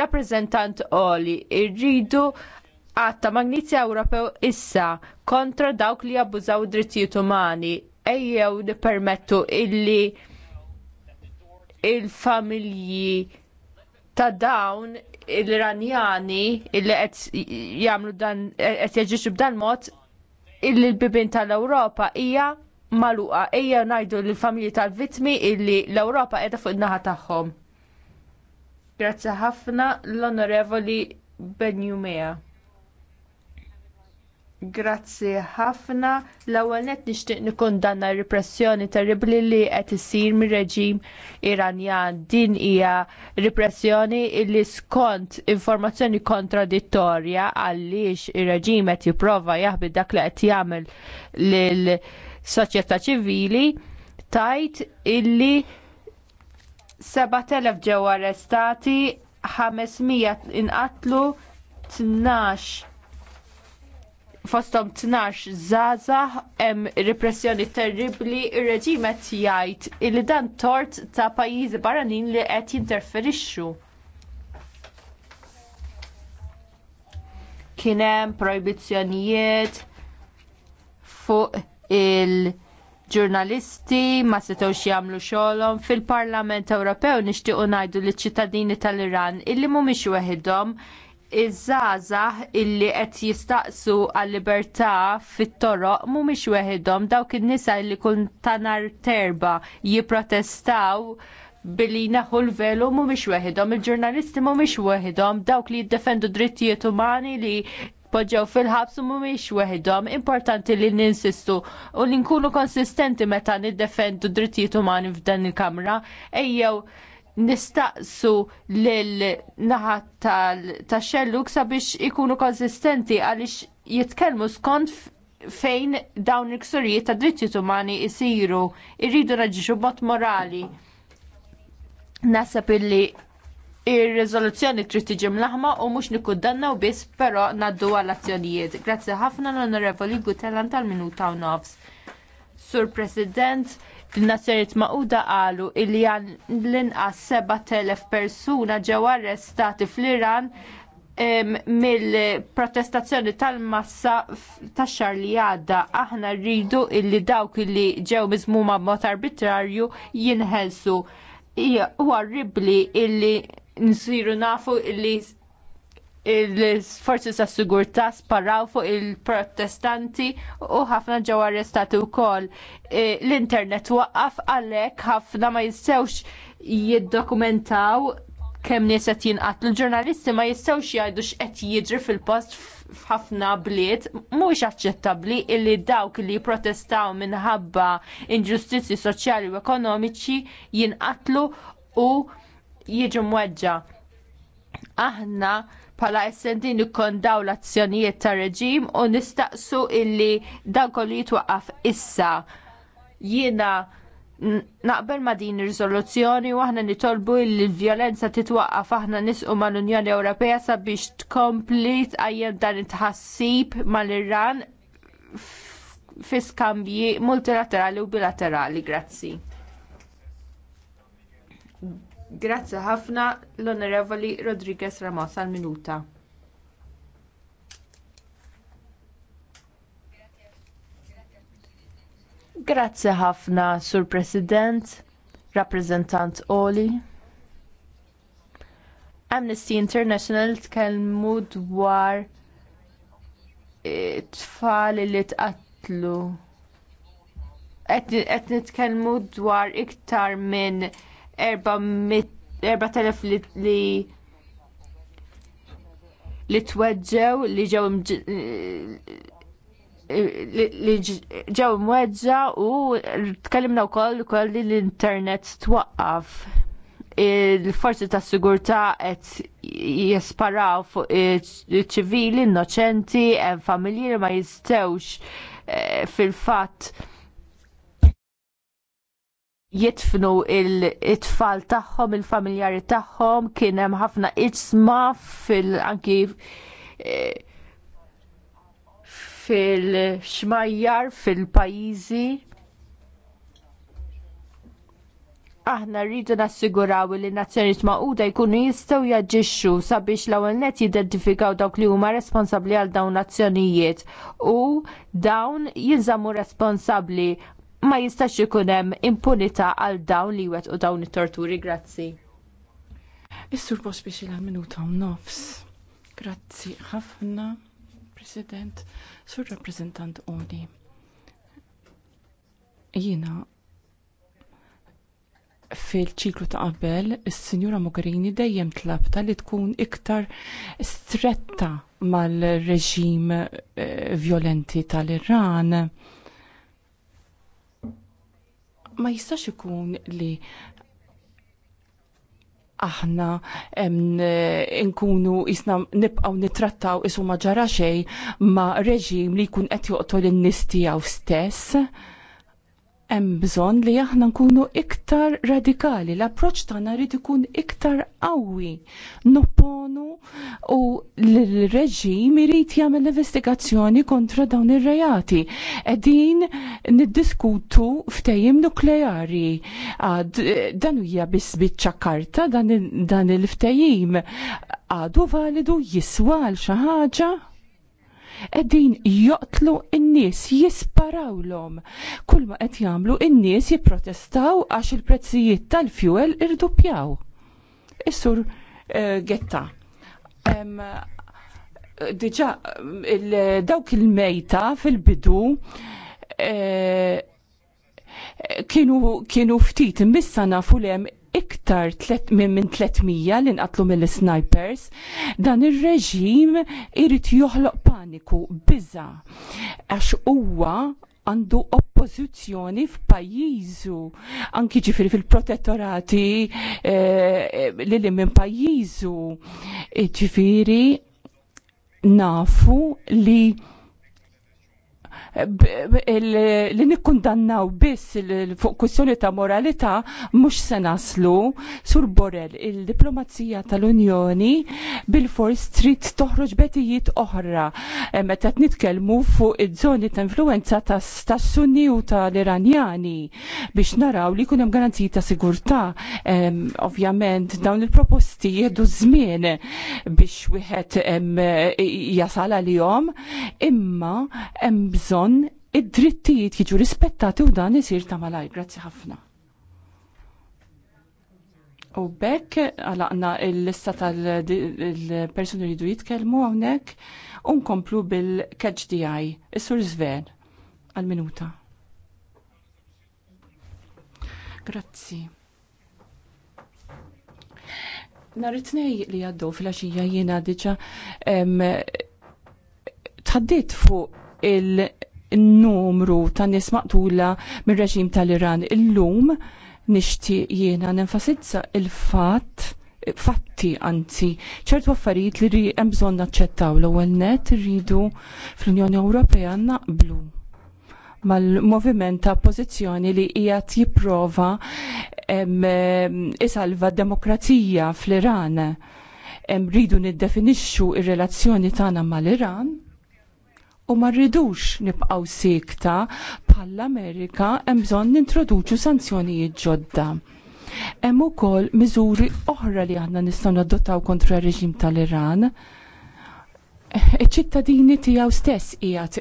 rappreżentant oli irridu għatta magnizja Ewropew issa kontra dawk li abbużaw drittijiet umani ejjew li permettu illi il-familji ta' dawn il-Iranjani il-li qed jagħmlu dan qed jaġixxu b'dan mod illi l-bibin tal-Ewropa hija magħluqa ejja ngħidu lill familji tal-vittmi illi l-Ewropa qiegħda fuq in-naħa tagħhom. Grazzi ħafna l-Onorevoli Benjumea. Grazzi ħafna. L-ewwel nett nixtieq nikkundanna r-repressjoni terribbli li qed issir mir-reġim Iranjan. Din hija repressjoni li skont informazzjoni kontradittorja għaliex ir-reġim qed jipprova jaħbi dak li qed jagħmel lill soċjetà ċivili tajt illi 7000 ġew arrestati, 500 inqatlu, 12 fostom 12 żgħażagħ hemm repressjoni terribbli, ir-reġim qed jgħid li dan tort ta' pajjiżi barranin li qed jinterferixxu. Kien hemm projbizzjonijiet fuq il- ġurnalisti ma setgħux jagħmlu xogħolhom fil-Parlament Ewropew nixtiequ ngħidu liċ ċittadini tal-Iran illi mhumiex weħidhom iż-żgħażagħ illi qed jistaqsu għal-libertà fit-toroq mhumiex weħidhom dawk in-nisa li kun tanar terba jipprotestaw billi naħu l-velu mhumiex weħidhom, il-ġurnalisti mhumiex weħidhom, dawk li jiddefendu drittijiet umani li poġġew fil-ħabs mhumiex weħidhom, importanti li ninsistu u li nkunu konsistenti meta niddefendu drittijiet umani f'dan il-kamra, ejjew nistaqsu l-naħa tax xelluk sabiex ikunu konsistenti għaliex jitkellmu skont fejn dawn il-ksurijiet ta' drittijiet umani jsiru irridu naġġixu bot morali. Nasab illi ir-riżoluzzjoni trid tiġi mlaħma u mhux nikkuddannaw biss però ngħaddu għall azzjonijiet. Grazzi ħafna l-Onorevoli Gutellan tal-Minuta u Nofs. Sur President, Naseret maquda qalu illi għan l-inqas 7,000 persuna ġew arrestati fl-Iran mill-protestazzjoni tal-massa tax xar li għadda aħna rridu illi dawk illi ġew miżmuma b'mod arbitrarju jinħelsu. Huwa orribli illi nsiru nafu illi il-forzi ta' sigurtà sparaw fuq il-protestanti u ħafna ġew arrestati wkoll. E, l-internet waqqaf għalhekk ħafna ma jistgħux jiddokumentaw kemm nies qed jinqatlu l-ġurnalisti ma jistgħux jgħidu x'qed jiġri fil-post f'ħafna bliet mhux aċċettabbli illi dawk li jipprotestaw minħabba inġustizzi soċjali u ekonomiċi jinqatlu u jiġu mweġġa. Aħna Pala SND ikkondaw l-azzjonijiet tar reġim u nistaqsu illi dan kollu jitwaqqaf issa. Jiena naqbel ma din ir-riżoluzzjoni u aħna nitolbu illi l-vjolenza titwaqqaf aħna nisqu mal-Unjoni Ewropea sabiex tkompli tqajjem dan it-tħassib mal-Iran fi skambji multilaterali u bilaterali. Grazzi. Grazzi ħafna l-Onorevoli Rodriguez Ramos għal minuta. Grazzi ħafna, Sur President, Rappresentant Oli. Amnesty International tkellmu dwar eh, tfal li tqatlu. Qed nitkellmu dwar iktar minn 4,000 li li tweġġew li ġew eh, li ġew mweġġa u tkellimna wkoll ukoll li l-internet twaqqaf il-forzi ta' sigurtà qed jesparaw fuq iċ-ċivili innoċenti hemm familji li ma jistgħux eh, fil-fatt jitfnu il-tfal tagħhom, il-familjari tagħhom, kien hemm ħafna isma fil-anki eh, fil-xmajjar fil-pajjiżi. Aħna rridu nassiguraw li n-nazzjonijiet Magħquda jkunu jistgħu jaġixxu sabiex l-ewwel net jidentifikaw dawk li huma responsabbli għal dawn nazzjonijiet u dawn jinżammu responsabbli ma jistax ikun hemm impunità għal dawn li wet u dawn it-torturi. Grazzi. Is-sur biex minuta u nofs. Grazzi ħafna, President, sur rappresentant Oni. Jiena fil-ċiklu ta' qabel, is-Sinjura Mogherini dejjem tlabta li tkun iktar stretta mal-reġim eh, violenti tal-Iran ma jistax ikun li aħna nkunu jisna nibqaw nitrattaw isu ma ġara xejn ma reġim li jkun qed joqtol in-nies tiegħu stess hemm bżonn li aħna nkunu iktar radikali, l-approċċ tagħna rrid ikun iktar qawwi. Nopponu u l-reġim irid jagħmel investigazzjoni kontra dawn ir rejati Qegħdin niddiskutu ftehim nukleari. Għad dan hija biss biċċa karta dan il-ftehim għadu validu jiswa għal xi ħaġa edin joqtlu n-nies, jisparawlhom. Kull ma qed jagħmlu n-nies jipprotestaw għax il-prezzijiet tal-fuel irdoppjaw. Is-sur uh, Getta. Um, Diġa, dawk il-mejta fil-bidu eh, kienu, kienu ftit, missa nafu lem iktar minn 300 li nqatlu mill-snipers, dan ir-reġim irid joħloq paniku biża għax huwa għandu oppożizzjoni f'pajjiżu, anki ġifiri fil-protettorati eh, li li minn pajjiżu, ġifiri nafu li li nikkundannaw biss fuq kwistjoni ta' moralità mhux se naslu sur Borrell il-diplomazija tal-Unjoni bil-fors trid toħroġ betijiet oħra eh, meta qed nitkellmu fuq iż-żoni ta' influenza tas-Sunni u tal-Iranjani biex naraw li jkun hemm garanziji ta' sigurtà. Ovvjament dawn il-proposti jieħdu żmien biex wieħed jasal għalihom imma hemm bżonn id-drittijiet jiġu rispettati u dan isir ta' Malaj. Grazzi ħafna. U bekk għalaqna l-lista tal-personi li du jitkellmu hawnhekk u nkomplu bil-catch DI, is-sur Zver, għal-minuta. Grazzi. Naritnej it li għaddu fil-għaxija jiena diġà tħaddit fuq il-numru ta' nis maqtula mir-reġim tal-Iran illum nixtieq jiena nenfasizza il-fatt fatti anzi ċertu affarijiet li hemm bżonn naċċettaw l-ewwel net irridu fl-Unjoni Ewropea naqblu mal-moviment ta' pożizzjoni li qiegħed jipprova isalva d-demokrazija fl-Iran. Rridu niddefinixxu ir-relazzjoni tagħna mal-Iran u ma rridux nibqaw sikta bħall-Amerika hemm bżonn nintroduċu sanzjonijiet ġodda. Hemm ukoll miżuri oħra li aħna nistgħu nadottaw kontra r reġim tal-Iran iċ-ċittadini tiegħu stess ijat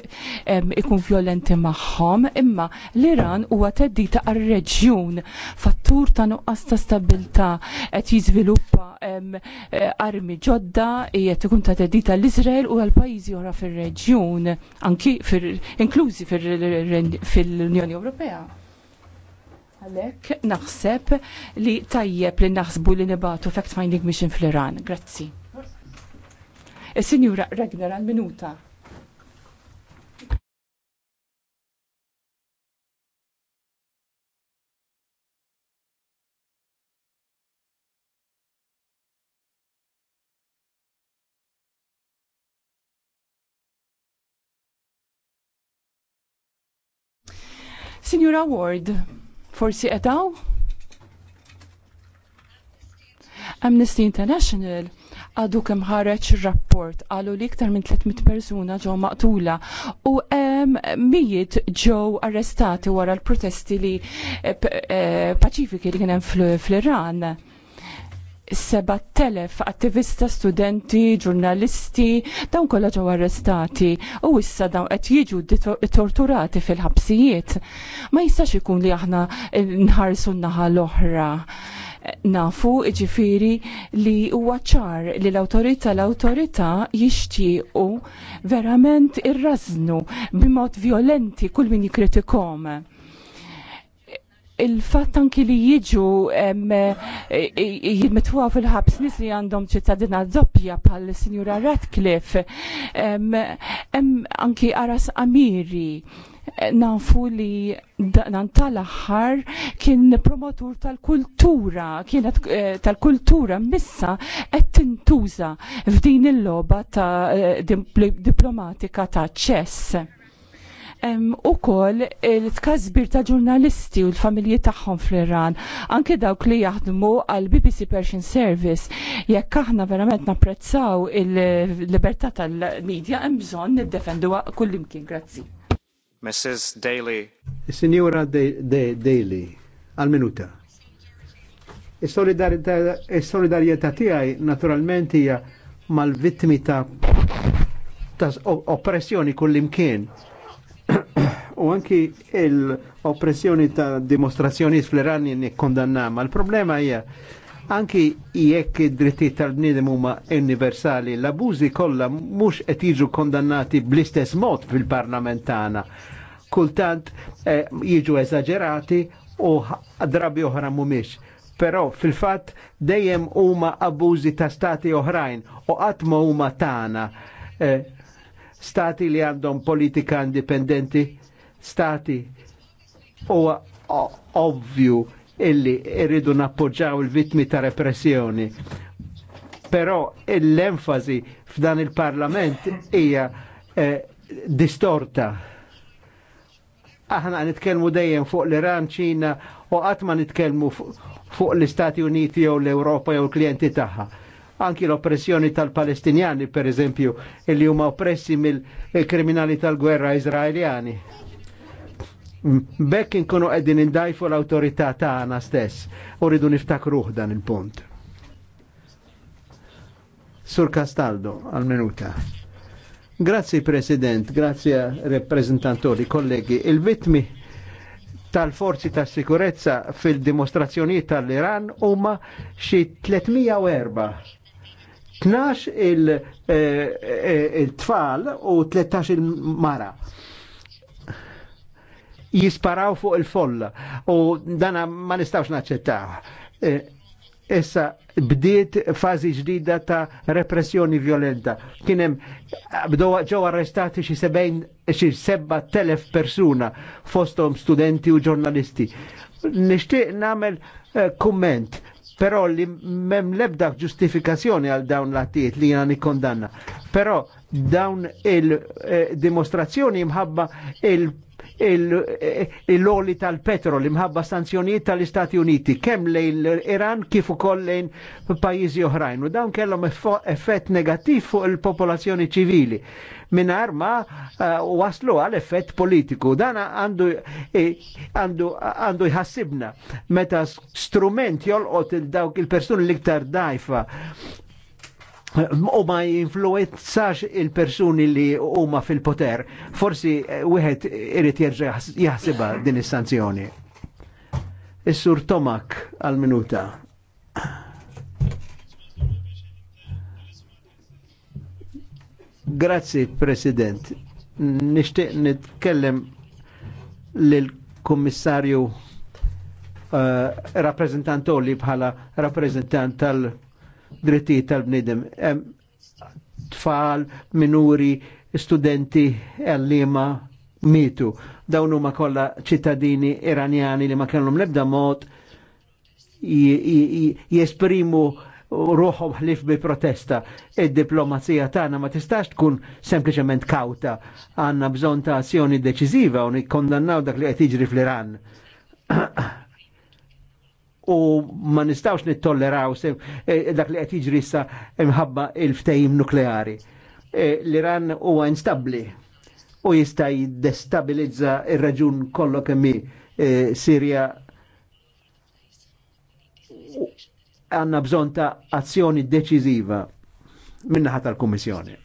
ikun violenti magħhom, imma l-Iran huwa ta' ar reġjun fattur ta' nuqqas ta' stabilità qed jiżviluppa armi ġodda ijat ikun ta' teddita l-Iżrael u għal-pajjiżi oħra fir-reġjun, anki inklużi fil-Unjoni Ewropea. Għalek naħseb li tajjeb li naħsbu li nibatu fact-finding mission fl-Iran. Grazzi. Signora Regner għal-minuta. Signora Ward, forsi etaw? Amnesty International għadu kem ħareċ rapport għalu li iktar minn 300 persuna ġew maqtula u mijiet ġew arrestati wara l-protesti li eh, eh, paċifiki li kienem fl-Iran. 7000 attivista, studenti, ġurnalisti, dawn kollha ġew arrestati u issa dawn qed jiġu torturati fil-ħabsijiet. Ma jistax ikun li aħna eh, nħarsu n-naħa l-oħra nafu ġifiri li huwa ċar li l-autorità l-autorità jixtiequ verament irraznu b'mod violenti kull min jikritikom il-fatt anki li jiġu jidmetwa fil-ħabs nis li għandhom ċittadina doppja pal sinjura Radcliffe, em, em, anki Aras Amiri, nafu li dan tal-aħħar kien promotur tal-kultura, kienet eh, tal-kultura missa qed tintuża f'din il-logħba ta' eh, diplomatika ta' ċess. U kol il-tkazbir ta' ġurnalisti u l-familji tagħhom fl-Iran, anke dawk li jaħdmu għal BBC Persian Service, jekk aħna verament napprezzaw il-libertà tal-medja hemm bżonn niddefenduha kullimkien. Grazzi. Mrs. Daly. Signora Daly, al minuta Is-solidarjetà e tiegħi naturalment hija mal-vittmi ta' ta' oppressjoni kullimkien. *clears throat* U anki l-oppressjoni ta' dimostrazzjoni fl-Iran nikkondanna. Ma l-problema hija Anki jekk id-drittijiet tal-bniedem huma universali, l-abużi kollha mhux qed jiġu kondannati bl-istess mod fil parlamentana Kultant eh, jiġu eżaġerati u drabi oħra mhumiex però fil-fatt dejjem huma abbużi ta' stati oħrajn u qatt ma huma tagħna. Eh, stati li għandhom politika indipendenti, stati u ovvju illi irridu nappoġġaw il-vittmi ta' repressjoni. Però l-enfasi f'dan il-parlament hija eh, distorta. Aħna nitkellmu dejjem fuq l-Iran, Ċina u qatt ma nitkellmu fuq l-Istati Uniti jew l-Ewropa jew l-klijenti tagħha. Anki l-oppressjoni tal-Palestinjani, per eżempju, illi huma oppressi mill-kriminali tal-gwerra Izraeljani Bekk inkunu qegħdin indajfu l-awtorità tagħna stess u niftakruh dan il-punt. Sur Castaldo, għal minuta. Grazzi President, grazzi rappresentantori, kollegi. Il-vitmi tal-forzi ta' sikurezza fil-dimostrazzjonijiet tal-Iran huma xi 304 12 eh, eh, il-tfal u 13 il-mara jisparaw fuq il-folla u dana ma nistawx naċċettaw. E, issa bdiet fazi ġdida ta' repressjoni violenta. Kienem ġew arrestati xi sebejn xi sebba telef persuna fostom studenti u ġurnalisti. Nixtieq nagħmel e, kumment Però li mem lebda ġustifikazzjoni għal dawn l-attijiet li jena nikondanna. Però dawn il-dimostrazzjoni e, mħabba il Eh, l-oli tal-petrol imħabba sanzjonijiet tal-Istati Uniti kemm lejn l-Iran kif ukoll lejn pajjiżi oħrajn u dawn kellhom effett negattiv fuq il-popolazzjoni ċivili minar ma uh, waslu għal effett politiku. Dan għandu eh, għandu għandu jħassibna meta strument jolqot il-dawk il-persuni l-iktar dajfa u ma jinfluenzax il-persuni li huma fil-poter. Forsi eh, wieħed irid jerġa' jaħsibha din is-sanzjoni. Is-sur Tomak għal-minuta. Grazzi, President. Nishtiq nitkellem lill-Kummissarju uh, eh, rappresentantoli bħala rappresentant tal- drittijiet tal-bnidem. Tfal, minuri, studenti, għallima, mitu. Dawn huma kollha ċittadini iranjani li ma kellhom l-ebda mod jesprimu ruħom ħlif bi protesta. Id-diplomazija tagħna ma tistax tkun sempliċement kawta. Għandna bżonn ta' azzjoni deċiżiva u nikkondannaw dak li qed jiġri fl-Iran. *clears throat* u ma nistawx nittolleraw eh, dak li qed jiġri issa imħabba il-ftehim nukleari. Eh, L-Iran huwa instabbli u jista' jiddestabilizza ir-raġun kollu kemm eh, Sirja għanna bżon ta' azzjoni deċiżiva minnaħat tal-Kummissjoni.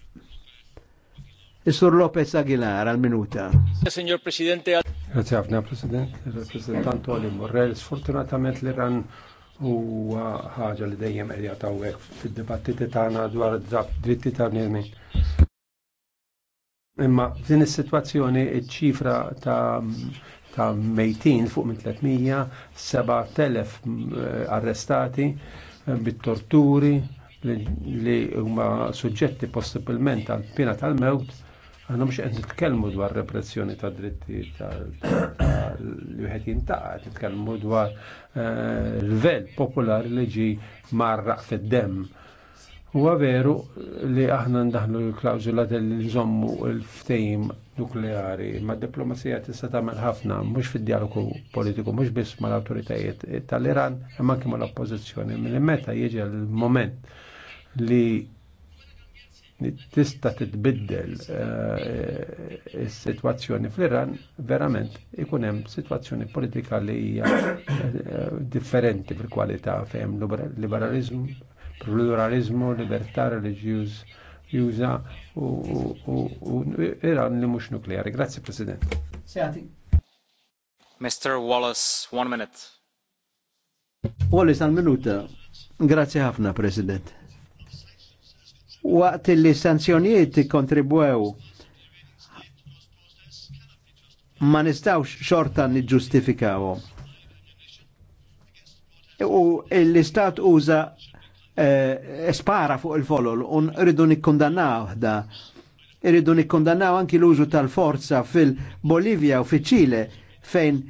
Isur Lopez Aguilar al minuta. Signor Presidente. Grazie Presidente. President. rappresentante Oli Morrell, sfortunatament l'Iran u ħaġa li dejjem għedja tawek fil-dibattiti tagħna dwar dritti ta' nirmi Imma f'din is-sitwazzjoni iċ ċifra ta' ta' mejtin fuq minn 300, 7000 eh, arrestati eh, bit-torturi li huma suġġetti possibilment għal pina tal-mewt Għanna mux għed nitkelmu dwar repressjoni ta' dritti li għed jintaqa, nitkelmu dwar eh, l-vel popolari li ġi marraq fid-dem. Huwa veru li aħna ndaħlu l-klawżula tal-żommu l-ftejm nukleari, ma diplomazija tista' tagħmel ħafna, mhux fid-dialogu politiku, mhux biss mal-awtoritajiet tal-Iran, imma anke mal-oppożizzjoni. Milli meta jiġi l-moment li tista' titbiddel eh, is-sitwazzjoni fl-Iran, verament ikun hemm sitwazzjoni politika li hija eh, differenti fil-kwalità fejn liberalizmu, pluralizmu, libertà reliġjuż juża u Iran li mhux nukleari. Grazzi President. Mr. Wallace, one minute. Wallace, għal minuta. Grazie ħafna, President waqt li sanzjonijiet kontribwew ma nistawx xorta niġġustifikawhom. U l-istat uża eh, spara fuq il-folol un rridu nikkondannaw da. Irridu nikkondannaw anki l-użu tal-forza fil-Bolivja u fil-Ċile fejn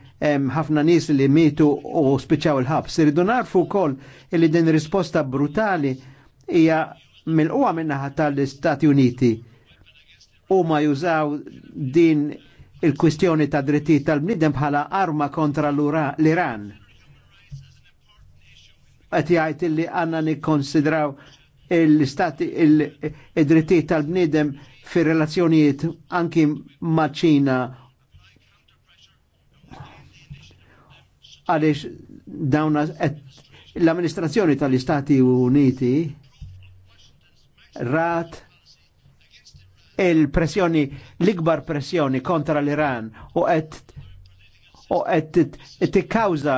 ħafna nies li mitu u spiċaw il-ħabs. Irridu narfu wkoll li din risposta brutali hija mill-qwa minnaħa tal-Istati Uniti u ma jużaw din il-kwistjoni ta' dritti tal-bnidem bħala arma kontra l-Iran. Għet jgħajt li għanna nikkonsidraw l-istati il-dritti tal-bnidem fir relazzjonijiet anki maċina għalix dawna l-amministrazzjoni tal-Istati Uniti rat il-pressjoni, l-ikbar pressjoni kontra l-Iran u qed u qed tikkawża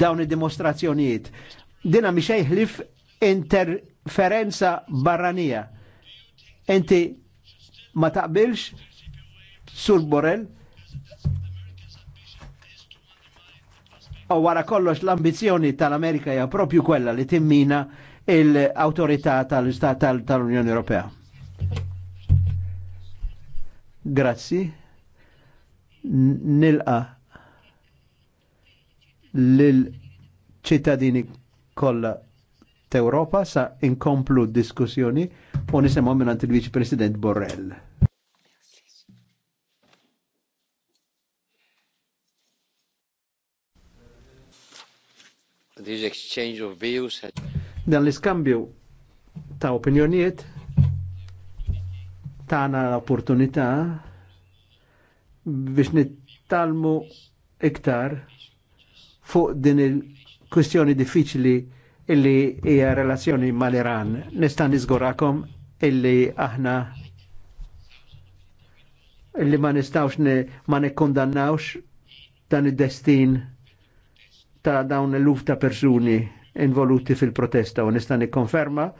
dawn id-dimostrazzjonijiet. Dina mhix ħlif interferenza barranija. Inti ma taqbilx sur Borrell u wara kollox l-ambizjoni tal-Amerika hija propju kwella li timmina il-autorità tal-Istat tal-Unjoni Ewropea. Grazzi. Nilqa lil-ċittadini kollha t-Europa sa inkomplu diskussjoni u nisimgħu minn il-Viċi President Borrell. This exchange of views had... Dan l-iskambju ta' opinjoniet tana l-opportunità biex nittalmu iktar fuq din il-kwistjoni diffiċli illi hija relazzjoni mal-Iran. Nistan nizgurakom illi aħna illi ma nistawx ne, ma nekkondannawx dan id-destin ta' dawn l-luf ta' persuni involuti fil-protesta u nista' nikkonferma